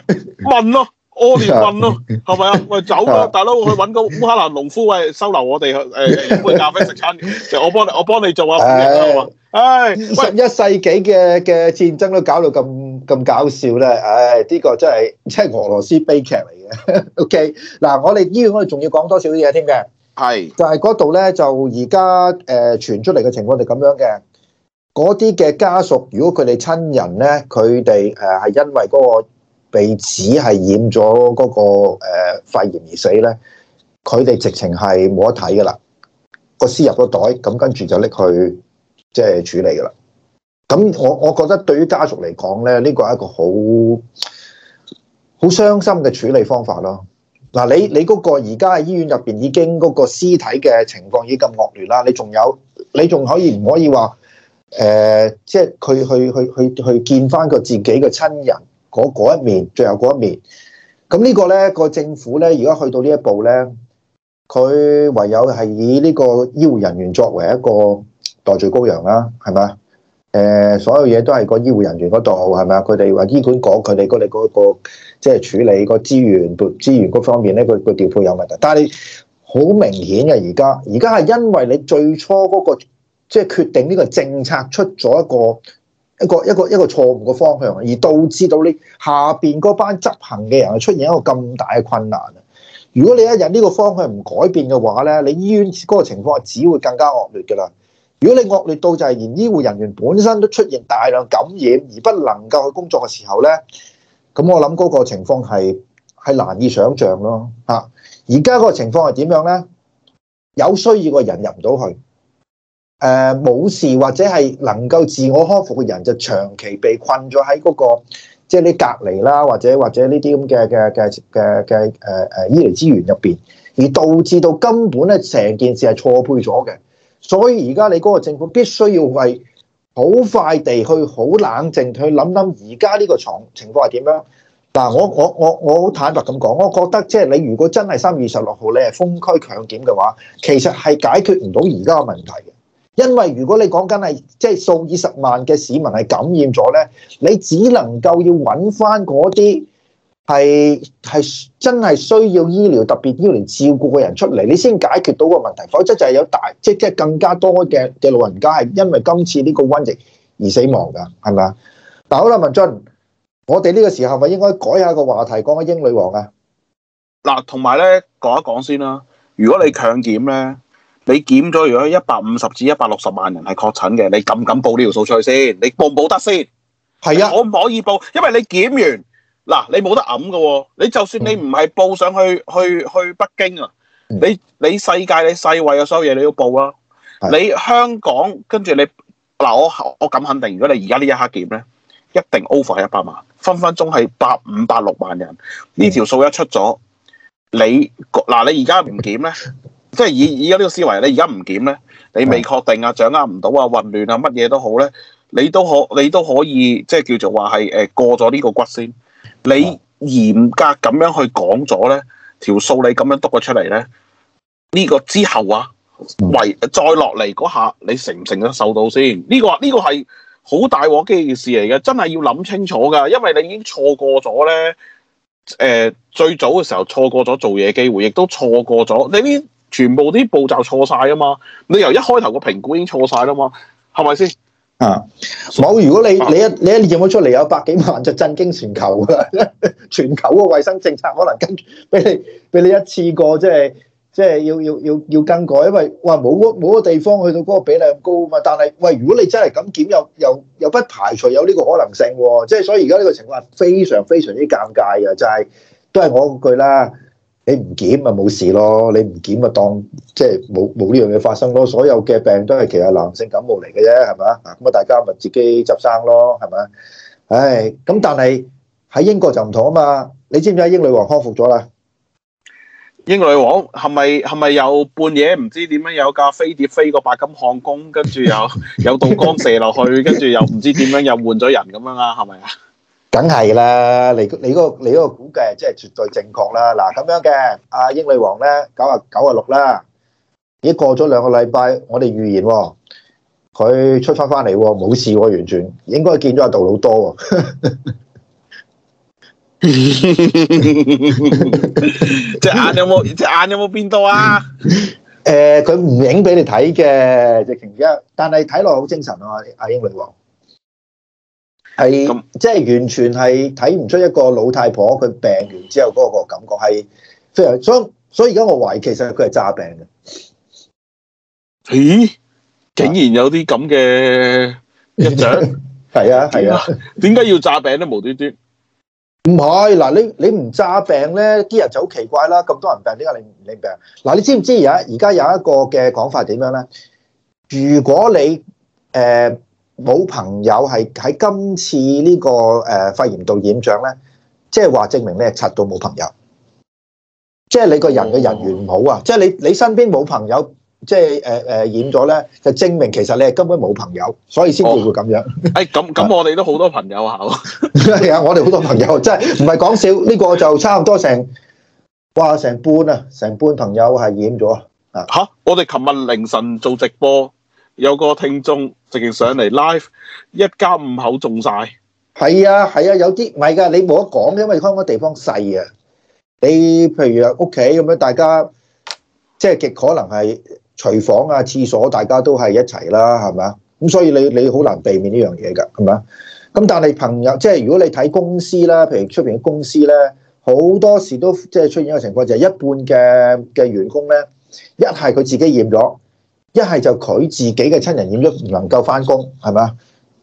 問咯、啊，屙尿問咯、啊，係咪啊？喂，走啦、啊， 大佬去揾個烏克蘭農夫喂收留我哋去，誒、呃、杯咖啡食餐，就我幫我幫你做啊！唉、哎，二、哎、十一世紀嘅嘅戰爭都搞到咁咁搞笑咧，唉、哎，呢、這個真係即係俄羅斯悲劇嚟嘅。OK，嗱，我哋依度我哋仲要講多少嘢添嘅。係就係嗰度咧，就而家誒，傳出嚟嘅情況就咁樣嘅。嗰啲嘅家屬，如果佢哋親人咧，佢哋誒係因為嗰個被指係染咗嗰個誒肺炎而死咧，佢哋直情係冇得睇噶啦。個屍入咗袋，咁跟住就拎去即係處理噶啦。咁我我覺得對於家屬嚟講咧，呢個係一個好好傷心嘅處理方法咯。嗱，你你嗰個而家喺醫院入邊已經嗰個屍體嘅情況已經咁惡劣啦，你仲有你仲可以唔可以話誒，即係佢去去去去見翻個自己嘅親人嗰一面，最後嗰一面。咁呢個咧個政府咧而家去到呢一步咧，佢唯有係以呢個醫護人員作為一個代罪羔羊啦，係咪？誒、呃，所有嘢都係個醫護人員嗰度，係咪啊？佢哋話醫管局，佢哋嗰啲個即係、那個就是、處理個資源、撥資源嗰方面咧，佢佢調配有問題。但係好明顯嘅，而家而家係因為你最初嗰、那個即係、就是、決定呢個政策出咗一個一個一個一個錯誤嘅方向，而導致到你下邊嗰班執行嘅人出現一個咁大嘅困難啊！如果你一日呢個方向唔改變嘅話咧，你醫院嗰個情況只會更加惡劣㗎啦。如果你惡劣到就係連醫護人員本身都出現大量感染而不能夠去工作嘅時候咧，咁我諗嗰個情況係係難以想像咯嚇。而家嗰個情況係點樣咧？有需要嘅人入唔到去，誒、呃、冇事或者係能夠自我康復嘅人就長期被困咗喺嗰個即係、就是、你隔離啦，或者或者呢啲咁嘅嘅嘅嘅嘅誒誒醫療資源入邊，而導致到根本咧成件事係錯配咗嘅。所以而家你嗰個政府必須要為好快地去好冷靜去諗諗而家呢個牀情況係點樣。嗱，我我我我好坦白咁講，我覺得即係你如果真係三月二十六號你係封區強檢嘅話，其實係解決唔到而家嘅問題嘅，因為如果你講緊係即係數以十萬嘅市民係感染咗咧，你只能夠要揾翻嗰啲。係係真係需要醫療特別醫療照顧嘅人出嚟，你先解決到個問題，否則就係有大即即係更加多嘅嘅老人家係因為今次呢個瘟疫而死亡噶，係咪啊？嗱，好啦，文進，我哋呢個時候咪應該改下個話題，講下英女王啊。嗱，同埋咧，講一講先啦。如果你強檢咧，你檢咗如果一百五十至一百六十萬人係確診嘅，你敢唔敢報呢條數據先？你報唔報得先？係是啊，我唔可以報，因為你檢完。嗱、啊，你冇得揞噶，你就算你唔係報上去，嗯、去去北京啊，你你世界你世衛嘅所有嘢、啊，你都報啦。你香港跟住你嗱、啊，我我敢肯定，如果你而家呢一刻檢咧，一定 over 係一百萬，分分鐘係百五百六萬人呢條數一出咗，你嗱、啊、你而家唔檢咧，即係以以而家呢個思維，你而家唔檢咧，你未確定啊，掌握唔到啊，混亂啊，乜嘢都好咧，你都可你都可以即係叫做話係誒過咗呢個骨先。你嚴格咁樣去講咗咧條數，你咁樣督佢出嚟，咧呢、呢個之後啊，維再落嚟嗰下，你承唔承得受到先？呢、呢個呢、呢個係好大鑊機嘅事嚟嘅，真係要諗清楚噶。因為你已經錯過咗咧，誒、呃，最早嘅時候錯過咗做嘢機會，亦都錯過咗你啲全部啲步驟錯晒啊嘛。你由一開頭個評估已經錯晒啦嘛，係咪先？啊，冇！如果你你，你一你一驗到出嚟有百幾萬，就震驚全球噶， 全球個衛生政策可能跟住俾你俾你一次過即係即係要要要要更改，因為喂冇冇個地方去到嗰個比例咁高啊嘛。但係喂，如果你真係咁檢，又又又不排除有呢個可能性、啊，即係所以而家呢個情況非常非常之尷尬啊！就係都係我嗰句啦。你唔檢咪冇事咯，你唔檢咪當即係冇冇呢樣嘢發生咯。所有嘅病都係其實男性感冒嚟嘅啫，係咪啊？咁啊，大家咪自己執生咯，係咪啊？唉，咁但係喺英國就唔同啊嘛。你知唔知英女王康復咗啦？英女王係咪係咪又半夜唔知點樣有架飛碟飛過白金漢宮，跟住又有道光射落去，跟住又唔知點樣又換咗人咁樣啊？係咪啊？梗係啦，你、嗰個、你個你個估計，即係絕對正確啦。嗱，咁樣嘅，阿英女王咧，九啊九啊六啦，已經過咗兩個禮拜，我哋預言佢、哦、出翻翻嚟，冇事，完全應該見咗阿杜魯多、哦。隻眼有冇隻眼有冇變到啊？誒，佢唔影俾你睇嘅，直情而家，但係睇落好精神啊，阿英女王。係，即係、就是、完全係睇唔出一個老太婆佢病完之後嗰個感覺係非常，所以所以而家我懷疑其實佢係詐病嘅。咦、欸？竟然有啲咁嘅印象？係啊係啊，點解要詐病咧？無端端？唔係嗱，你你唔詐病咧，啲人就好奇怪啦。咁多人病，點解你你唔病？嗱、嗯，你知唔知而家而家有一個嘅講法點樣咧？如果你誒。嗯冇朋友係喺今次呢個誒肺炎度染上咧，即係話證明咩？柒到冇朋友，即係你個人嘅人緣唔好啊！哦、即係你你身邊冇朋友，即係誒誒染咗咧，就證明其實你係根本冇朋友，所以先至會咁樣。係咁咁，哎、我哋都好多朋友啊！係啊，我哋好多朋友，真係唔係講笑。呢、呢個就差唔多成哇，成半啊，成半朋友係染咗啊！嚇！我哋琴日凌晨做直播。有個聽眾直接上嚟 live，一家五口中晒。係啊係啊，有啲唔係噶，你冇得講，因為香港地方細啊。你譬如啊，屋企咁樣，大家即係極可能係廚房啊、廁所，大家都係一齊啦，係咪啊？咁所以你你好難避免呢樣嘢噶，係咪？咁但係朋友，即係如果你睇公司啦，譬如出邊嘅公司咧，好多時都即係出現嘅情況，就係、是、一半嘅嘅員工咧，一係佢自己驗咗。一係就佢自己嘅親人染咗，唔能夠翻工，係咪？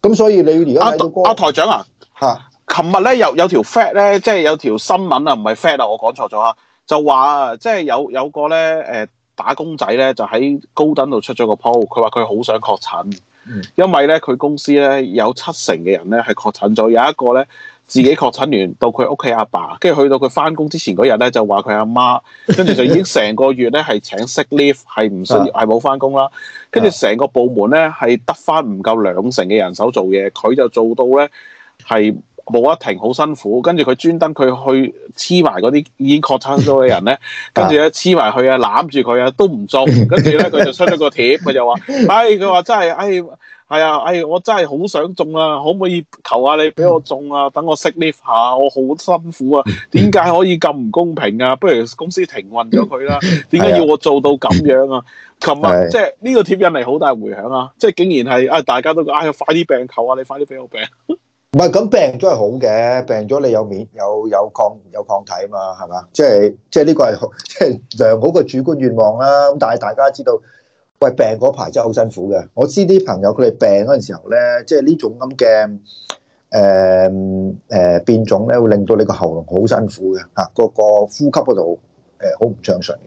咁所以你如果阿台長啊，嚇、啊，琴日咧有有條 f a t 咧，即係有條新聞啊，唔係 f a t 啊，我講錯咗啊，就話啊，即係有有個咧，誒、呃、打工仔咧就喺高登度出咗個 post，佢話佢好想確診，嗯、因為咧佢公司咧有七成嘅人咧係確診咗，有一個咧。自己確診完到佢屋企阿爸，跟住去到佢翻工之前嗰日咧，就話佢阿媽，跟住就已經成個月咧係請 sick leave，係唔需要係冇翻工啦。跟住成個部門咧係得翻唔夠兩成嘅人手做嘢，佢就做到咧係。冇一停，好辛苦。跟住佢專登，佢去黐埋嗰啲已經確診咗嘅人咧，跟住咧黐埋佢啊，攬住佢啊，都唔中。跟住咧，佢 就出咗個貼，佢就話，唉，佢話真係，哎，係、哎、啊，哎，我真係好想中啊，可唔可以求下你俾我中啊？等我 sick leave 下，我好辛苦啊，點解可以咁唔公平啊？不如公司停運咗佢啦，點解要我做到咁樣啊？琴日即係呢、這個貼引嚟好大回響啊！即係竟然係啊、哎，大家都講，哎，快啲病求啊！你快啲俾我病。 唔係咁，病咗係好嘅，病咗你有免有有抗有抗體啊嘛，係嘛？即係即係呢個係即係良好嘅主觀願望啦、啊。但係大家知道，喂，病嗰排真係好辛苦嘅。我知啲朋友佢哋病嗰陣時候咧，即係呢種咁嘅誒誒變種咧，會令到你個喉嚨好辛苦嘅吓，嗰、啊、個、個呼吸嗰度誒好唔暢順嘅。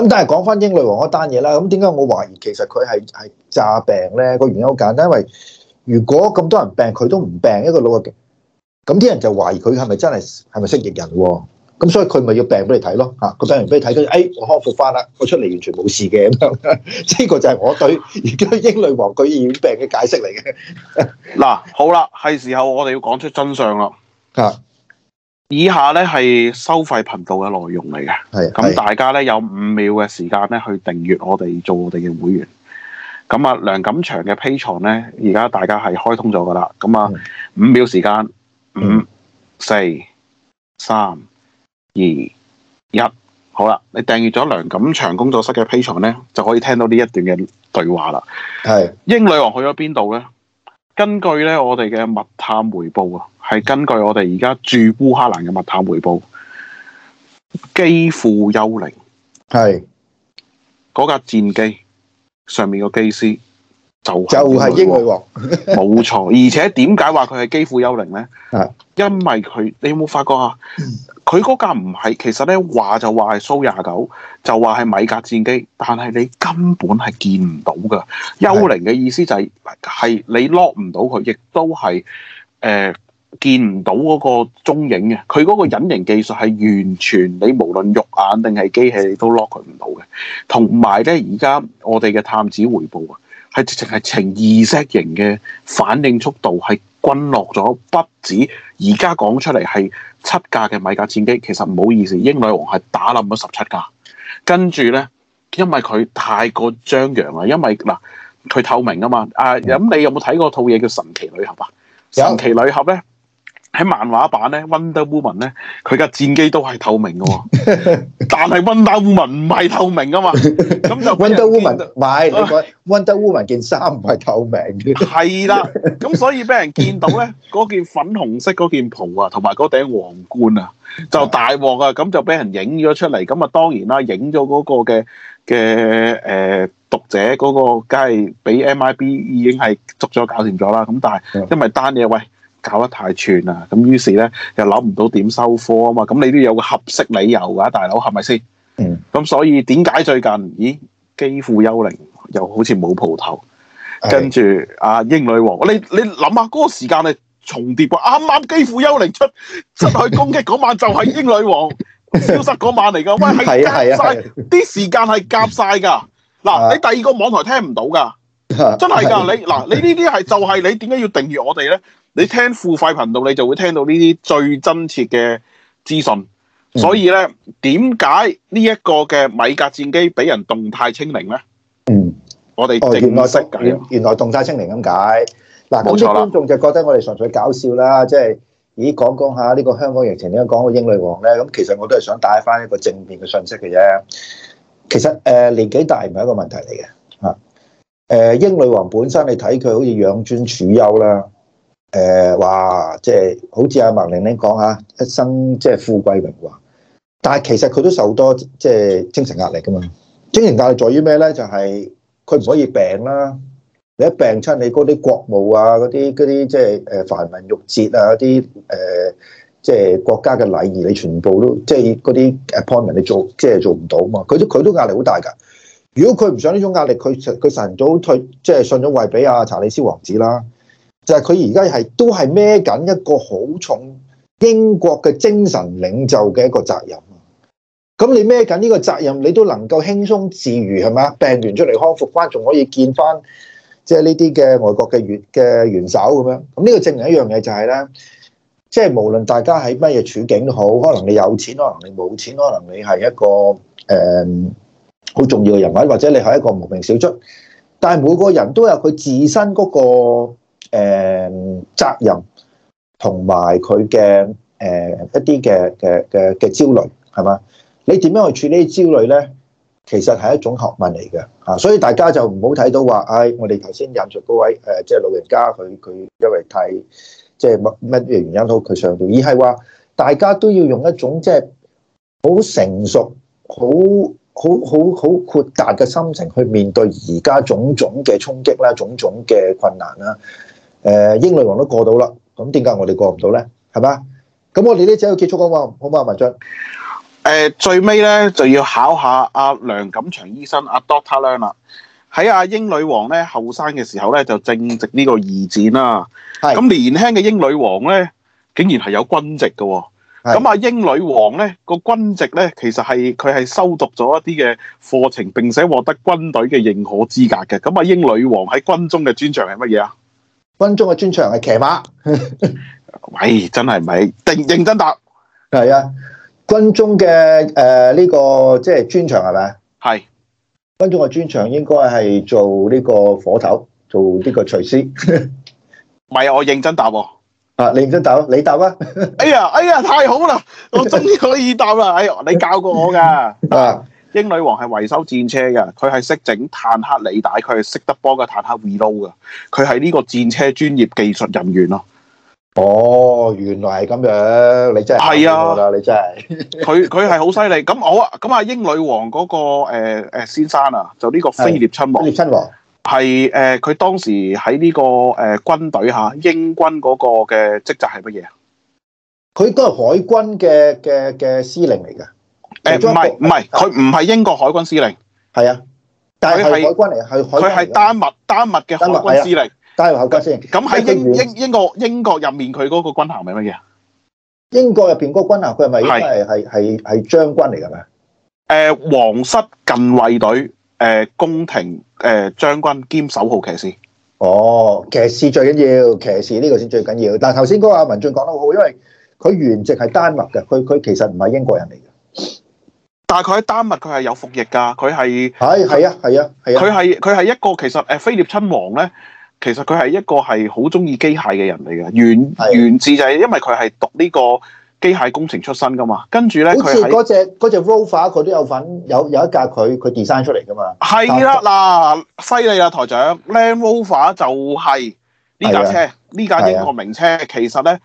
咁但係講翻英女王嗰單嘢啦，咁點解我懷疑其實佢係係詐病咧？個原因好簡單，因為。如果咁多人病，佢都唔病，一個腦又勁，咁啲人就懷疑佢係咪真係係咪適應人喎、啊？咁所以佢咪要病俾你睇咯？嚇，佢病完俾你睇，跟住，哎，我康復翻啦，佢出嚟完全冇事嘅咁樣。呢 個就係我對而家英女王佢染病嘅解釋嚟嘅。嗱，好啦，係時候我哋要講出真相啦。啊，以下咧係收費頻道嘅內容嚟嘅。係是。咁大家咧的有五秒嘅時間咧去訂閱我哋做我哋嘅會員。咁啊，梁錦祥嘅 Patreon 咧，而家大家係開通咗噶啦。咁啊，五、嗯、秒時間，五四三二一，好啦，你訂閱咗梁錦祥工作室嘅 Patreon 咧，就可以聽到呢一段嘅對話啦。係是英女王去咗邊度咧？根據咧我哋嘅密探回報啊，係根據我哋而家駐烏克蘭嘅密探回報，基輔幽靈係嗰架戰機。上面個機師就就係英女王，冇 錯。而且點解話佢係基輔幽靈咧？ 因為佢，你有冇發覺啊？佢嗰 架唔係，其實咧話就話係蘇廿九，就話係米格戰機，但係你根本係見唔到㗎。 幽靈嘅意思就係、係、係你 lock 唔到佢，亦都係誒。呃見唔到嗰個蹤影嘅，佢嗰個隱形技術係完全你無論肉眼定係機器你都 lock 佢唔到嘅。同埋咧，而家我哋嘅探子回報啊，係直情係呈意識型，嘅反應速度係均落咗，不止而家講出嚟，係七架嘅米格戰機，其實唔好意思，英女王係打冧咗十七架。跟住咧，因為佢太過張揚啦，因為嗱佢、啊、透明啊嘛。啊，咁你有冇睇過套嘢叫《神奇女俠》啊？神奇女俠咧？喺漫畫版咧，Wonder Woman 咧，佢嘅戰機都係透明嘅喎。哦，但係 Wonder Woman 唔係透明啊嘛，咁 就 Wonder Woman 唔係，Wonder Woman 件衫唔係透明嘅，係啦，咁所以俾人見到咧，嗰件粉紅色嗰件袍啊，同埋嗰頂皇冠啊，就大鑊啊，咁就俾人影咗出嚟，咁啊當然啦，影咗嗰個嘅嘅誒讀者嗰、嗰個，梗係俾 MIB 已經係捉咗搞掂咗啦，咁但係因為單嘢喂。搞得太串啦，咁於是咧又諗唔到點收科啊嘛，咁你都有個合適理由噶，大佬係咪先？嗯。咁所以點解最近，咦？機庫幽靈又好似冇蒲頭，跟住阿英女王，你你諗下嗰個時間係重疊喎，啱啱機庫幽靈出出去攻擊嗰晚就係英女王消失嗰晚嚟㗎，喂係夾晒，啲時間係夾晒㗎。嗱你第二個網台聽唔到㗎，真係㗎。你嗱你呢啲係就係你點解要定義我哋咧？你聽付費頻道，你就會聽到呢啲最真切嘅資訊。所以咧，點解呢一個嘅米格戰機俾人動態清零咧？嗯我，我哋正解啊！原來，原來動態清零咁解嗱，冇錯啦，咁啲觀眾就覺得我哋純粹搞笑啦，即係咦講講下呢個香港疫情點解講到英女王咧？咁其實我都係想帶翻一個正面嘅信息嘅啫。其實誒年紀大唔係一個問題嚟嘅嚇，誒英女王本身，你睇佢好似養尊處優啦。誒，話即係好似阿孟玲玲講啊，一生即係富貴榮華，但係其實佢都受多即係、就是、精神壓力噶嘛。精神壓力在於咩咧？就係佢唔可以病啦。你一病親，你嗰啲國務啊，嗰啲啲即係誒，繁文縟節啊，啲誒，即、呃、係、就是、國家嘅禮儀，你全部都即係、就、嗰、是、啲 appointment，你做即係、就是、做唔到啊嘛。佢都佢都壓力好大噶。如果佢唔想呢種壓力，佢佢晨早退，即係信咗位俾阿查理斯王子啦。就係佢而家係都係孭緊一個好重英國嘅精神領袖嘅一個責任。咁你孭緊呢個責任，你都能夠輕鬆自如係咪？病完出嚟康復翻，仲可以見翻即係呢啲嘅外國嘅元嘅元首咁樣。咁呢個證明一樣嘢就係、是、咧，即係無論大家喺乜嘢處境都好，可能你有錢，可能你冇錢，可能你係一個誒好、嗯、重要嘅人物，或者你係一個無名小卒。但係每個人都有佢自身嗰、那個。誒、嗯，責任同埋佢嘅誒一啲嘅嘅嘅嘅焦慮，係嘛？你點樣去處理焦慮咧？其實係一種學問嚟嘅啊，所以大家就唔好睇到話，唉、哎，我哋頭先引述嗰位誒，即、呃、係、就是、老人家，佢佢因為太即係乜乜嘢原因都，都佢上吊而係話大家都要用一種即係好成熟好。好好好豁達嘅心情去面對而家種種嘅衝擊啦，種種嘅困難啦。誒、呃，英女王都過到啦，咁點解我哋過唔到咧？係嘛？咁我哋呢集要結束嗰個好個文章。誒、呃，最尾咧就要考下阿梁錦祥醫生阿 Doctor Leon 啦。喺、啊、阿英女王咧後生嘅時候咧，就正值呢個二戰啦。咁是年輕嘅英女王咧，竟然係有軍籍嘅喎、哦。咁阿英女王咧，個軍籍咧，其實係佢係修讀咗一啲嘅課程，並且獲得軍隊嘅認可資格嘅。咁阿英女王喺軍中嘅專長係乜嘢啊？軍中嘅、呃這個就是、專長係騎馬。喂是，真係咪？定認真答。係啊，軍中嘅誒呢個即係專長係咪啊？係。軍中嘅專長應該係做呢個火頭，做呢個廚師。唔係啊，我認真答、啊。啊！你唔識鬥，你鬥啊！哎呀，哎呀，太好啦！我終於可以鬥啦！哎呀，你教過我噶。啊，英女王係維修戰車嘅，佢係識整坦克履帶，佢係識得幫個坦克 reload 噶。佢係呢個戰車專業技術人員咯。哦，原來係咁樣，你真係係啊，你真係。佢佢係好犀利。咁好啊，咁啊，英女王嗰個誒誒先生啊，就呢個菲臘親王。係誒，佢當時喺呢個誒軍隊吓，英軍嗰個嘅職責係乜嘢啊？佢都係海軍嘅嘅嘅司令嚟嘅。誒，唔係唔係，佢唔係英國海軍司令。係啊，但係係海軍嚟啊，係佢係丹麥丹麥嘅海軍司令。戴下口罩先。咁喺、啊、英英英國英國入面，佢嗰個軍銜係乜嘢啊？英國入邊嗰個軍銜，佢係咪係係係係將軍嚟㗎咩？誒是、欸，皇室近衛隊。誒，宮、呃、廷誒將、呃、軍兼守號騎士。哦，騎士最緊要，騎士呢個先最緊要。但係頭先嗰個阿文進講得好，因為佢原籍係丹麥嘅，佢佢其實唔係英國人嚟嘅。但係佢喺丹麥，佢係有服役噶，佢係係係啊係啊，佢係佢係一個其實誒菲臘親王咧，其實佢係、呃、一個係好中意機械嘅人嚟嘅。原原自就係因為佢係讀呢、這個。機械工程出身噶嘛，跟住咧佢好似嗰隻嗰隻 Roller，佢都有份有有一架佢佢 design 出嚟噶嘛。係啦嗱，犀利啊台長，Land Rover 就係呢架車，呢架英國名車。其實咧，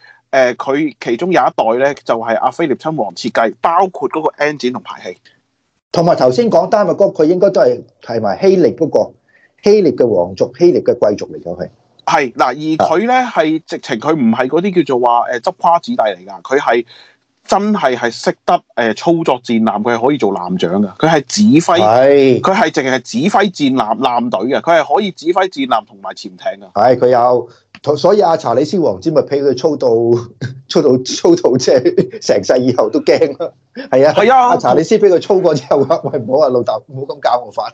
誒佢其中有一代咧就係阿菲利親王設計，包括嗰個 engine 同排氣。同埋頭先講丹麥哥，佢應該都係係埋希臘嗰個希臘嘅皇族，希臘嘅貴族嚟咗係。係嗱，而佢咧係直情佢唔係嗰啲叫做話誒、呃、執跨子弟嚟噶，佢係真係係識得誒、呃、操作戰艦嘅，佢係可以做艦長噶。佢係指揮，佢係淨係指揮戰艦艦隊嘅，佢係可以指揮戰艦同埋潛艇噶。係佢有。所以阿查理斯王子咪俾佢操到操到操到即係成世以後都驚咯，係啊，係啊。阿查理斯俾佢操過之後，喂，唔好啊老豆，唔好咁教我法。」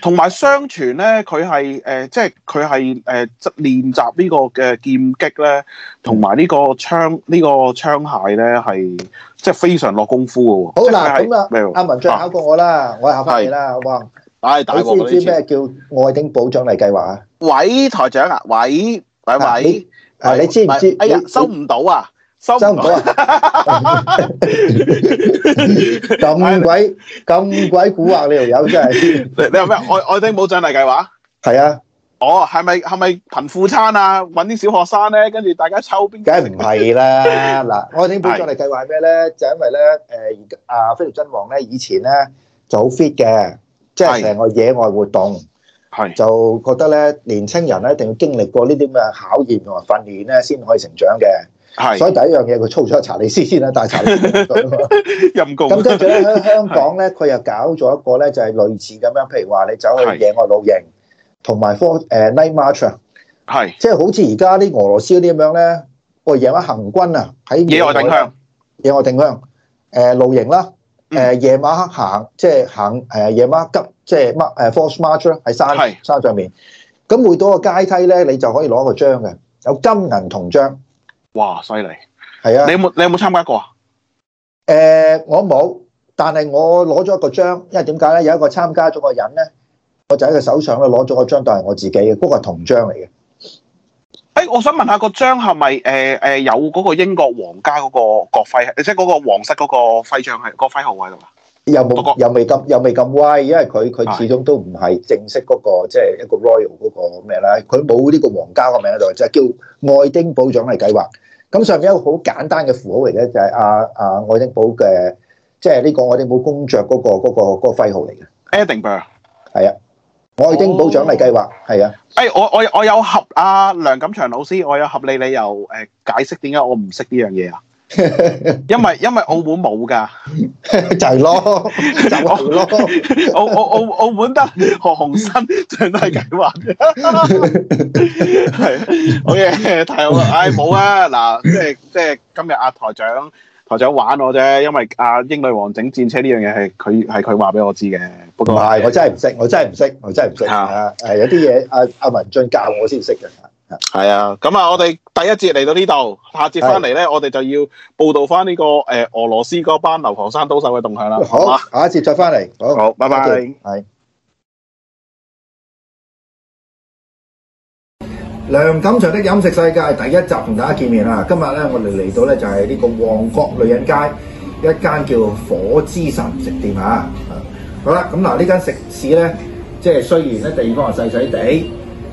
同埋相傳咧，佢係誒即係佢係誒練習呢個嘅劍擊咧，同埋呢個槍呢、呢個槍械咧係即係非常落功夫喎。好嗱，咁啦，阿文再考過我啦，我考翻你啊，是好唔好？係，你知唔知咩叫愛丁堡獎勵計劃啊？喂，台長啊，喂。喂喂，啊你知唔知？哎呀，收唔到啊，收唔到啊！咁鬼咁鬼蠱惑你條友真係，你你話咩？愛愛丁堡獎勵計劃？係啊，哦，係咪係咪貧富餐啊？搵啲小學生咧，跟住大家抽邊？梗係唔係啦，嗱，愛丁堡獎勵計劃係咩咧？就因為咧，誒，阿菲臘親王咧以前咧就好 fit 嘅，即係成個野外活動。係，是就覺得咧，年青人咧一定要經歷過呢啲咁嘅考驗同埋訓練咧，先可以成長嘅。係是，所以第一樣嘢佢操咗查理斯先啦，大細。陰公 的。咁跟住咧，喺香港咧，佢是又搞咗一個咧，就係類似咁樣，譬如話你走去野外露營，同埋科誒 night march 是。係。即係好似而家啲俄羅斯嗰啲咁樣咧，喂、哦，夜晚行軍啊，喺野外定向，野外定向，誒露營啦，誒、呃、夜晚黑行，即係行誒夜晚急。即係麥誒 Four Smart 啦，喺山山上面。咁每到一個階梯咧，你就可以攞一個章嘅，有金銀銅章。哇，犀利！係啊，你有冇你有冇參加過啊？誒，我冇，但係我攞咗一個章，因為點解咧？有一個參加咗個人咧，我仔嘅手上咧攞咗個章，都係我自己嘅，嗰個銅章嚟嘅。誒，我想問下個章係咪誒誒有嗰個英國皇家嗰個國徽，誒即係嗰個皇室嗰個徽章係個徽號喺度啊？又冇，又未咁，又未咁威，因為佢佢始終都唔係正式嗰個，即係一個 royal 嗰個咩咧？佢冇呢個皇家個名喺度，就係叫愛丁堡獎勵計劃。咁上邊一個好簡單嘅符號嚟嘅，就係阿阿愛丁堡嘅，即係呢個愛丁堡工作嗰個嗰個個徽號嚟嘅。Edinburgh，係啊，愛丁堡獎勵計劃，係啊。誒，我我我有合阿梁錦祥老師，我有合理理由誒解釋點解我唔識呢樣嘢啊。 因為因為澳門冇噶，就係咯，就係咯，澳澳澳澳門得何鴻燊仲都係計劃，係， 好嘢，太好啦，唉冇啊，嗱，即係即係今日阿台長台長玩我啫，因為阿、啊、英女王整戰車呢樣嘢係佢係佢話俾我知嘅，不過係我真係唔識，我真係唔識，我真係唔識，係 有啲嘢阿阿文進教我先識嘅。係啊，咁啊，我哋第一節嚟到呢度，下節翻嚟咧，是的 我哋就要報道翻呢、呢個誒、呃、俄羅斯嗰班留學生刀手嘅動向啦，好嘛？好吧下一節再翻嚟，好，好拜拜，拜，拜的，係。梁錦祥的飲食世界第一集同大家見面啦，今日咧我哋嚟到咧就係呢個旺角女人街一間叫火之神食店啊，好啦，咁嗱呢間食肆咧，即係雖然咧地方係細細地。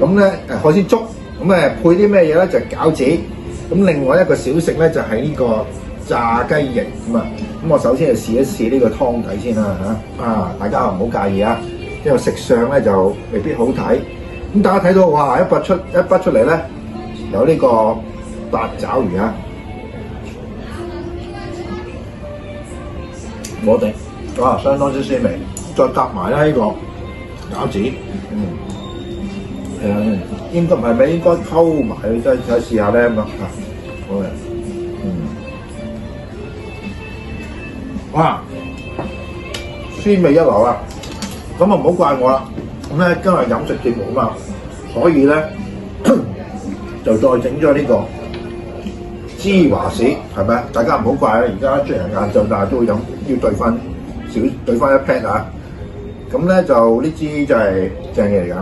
咁咧誒海鮮粥，咁誒配啲咩嘢咧？就係、是、餃子，咁另外一個小食咧就係、是、呢個炸雞翼咁啊！咁我首先就試一試呢個湯底先啦、啊、嚇啊！大家唔好介意啊，因為食相咧就未必好睇。咁大家睇到哇一拔出一拔出嚟咧，有呢個八爪魚啊！冇頂哇，相當之鮮味，再夾埋咧呢個餃子，嗯。係啊、嗯，應該唔係咩？應該溝埋，再試下呢。咁好啊，嗯，哇，酸味一流啊！咁啊，唔好怪我啦。咁咧，今日飲食節目嘛，所以呢，就再整咗呢個芝華士，係咪？大家唔好怪啊！而家雖然晏晝，但係都會飲，要對翻少對翻一 pat 啊！咁咧就呢支就係正嘢嚟緊。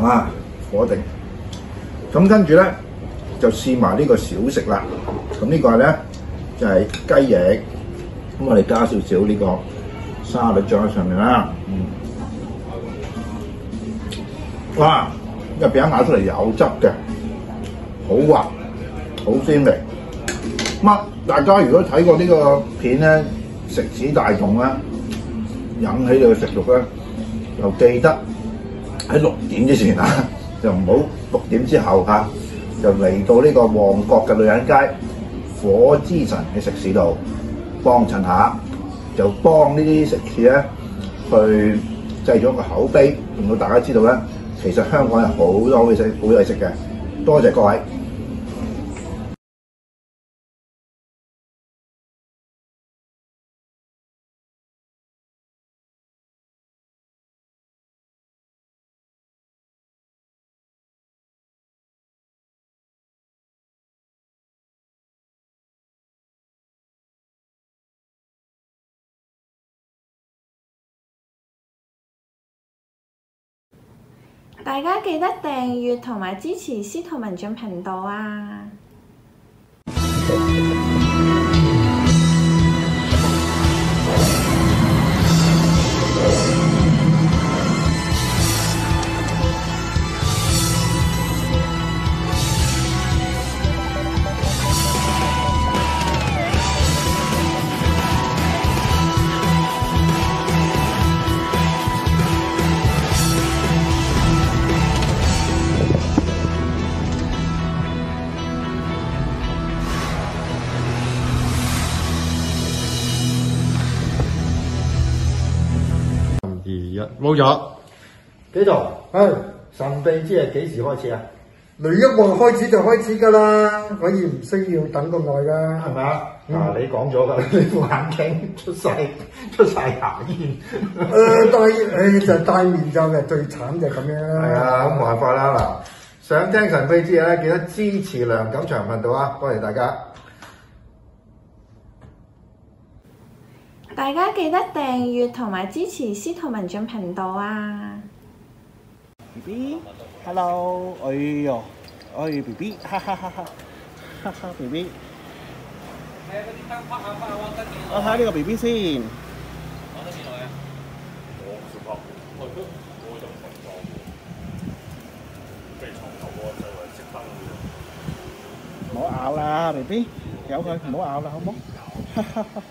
係、啊、火定咁跟住咧就試埋呢個小食啦。咁、這個、呢個係咧就係、是、雞翼，咁我哋加少少呢個沙律醬喺上面啦。嗯，哇！入邊咬出嚟有汁嘅，好滑，好鮮味。咁大家如果睇過呢個片咧，食指大動啦，引起你嘅食欲咧，又記得。喺六點之前啊， 就唔好六點之後嚇、啊，就嚟到呢個旺角嘅女人街火之神嘅食肆度幫襯下，就幫呢啲食肆咧去製咗個口碑，令到大家知道咧，其實香港有好多好嘢食、好嘢食嘅。多謝各位。大家記得訂閱同埋支持司徒文進頻道啊！冇咗幾多度？唉、哎，神秘之夜幾時開始啊？雷一望開始就開始噶啦，可以唔需要等咁耐噶，係咪吧、嗯、啊？嗱，你講咗噶，副眼鏡出晒出晒牙煙，誒 戴、呃哎、就是、戴面罩嘅最慘就咁樣啦。係啊，咁冇辦法啦嗱，想聽神秘之夜咧，記得支持梁錦祥頻道啊，多謝大家。大家記得訂閱同埋支持司徒文進頻道啊！B B，hello，哎呦，喂，B B，哈哈哈，哈哈，B B。我睇下呢個 B B 先。我唔舒服，我唔舒服就瞓床。被床頭我就係熄燈。唔好咬啦，B B，有冇？唔好咬啦，好冇？哈哈。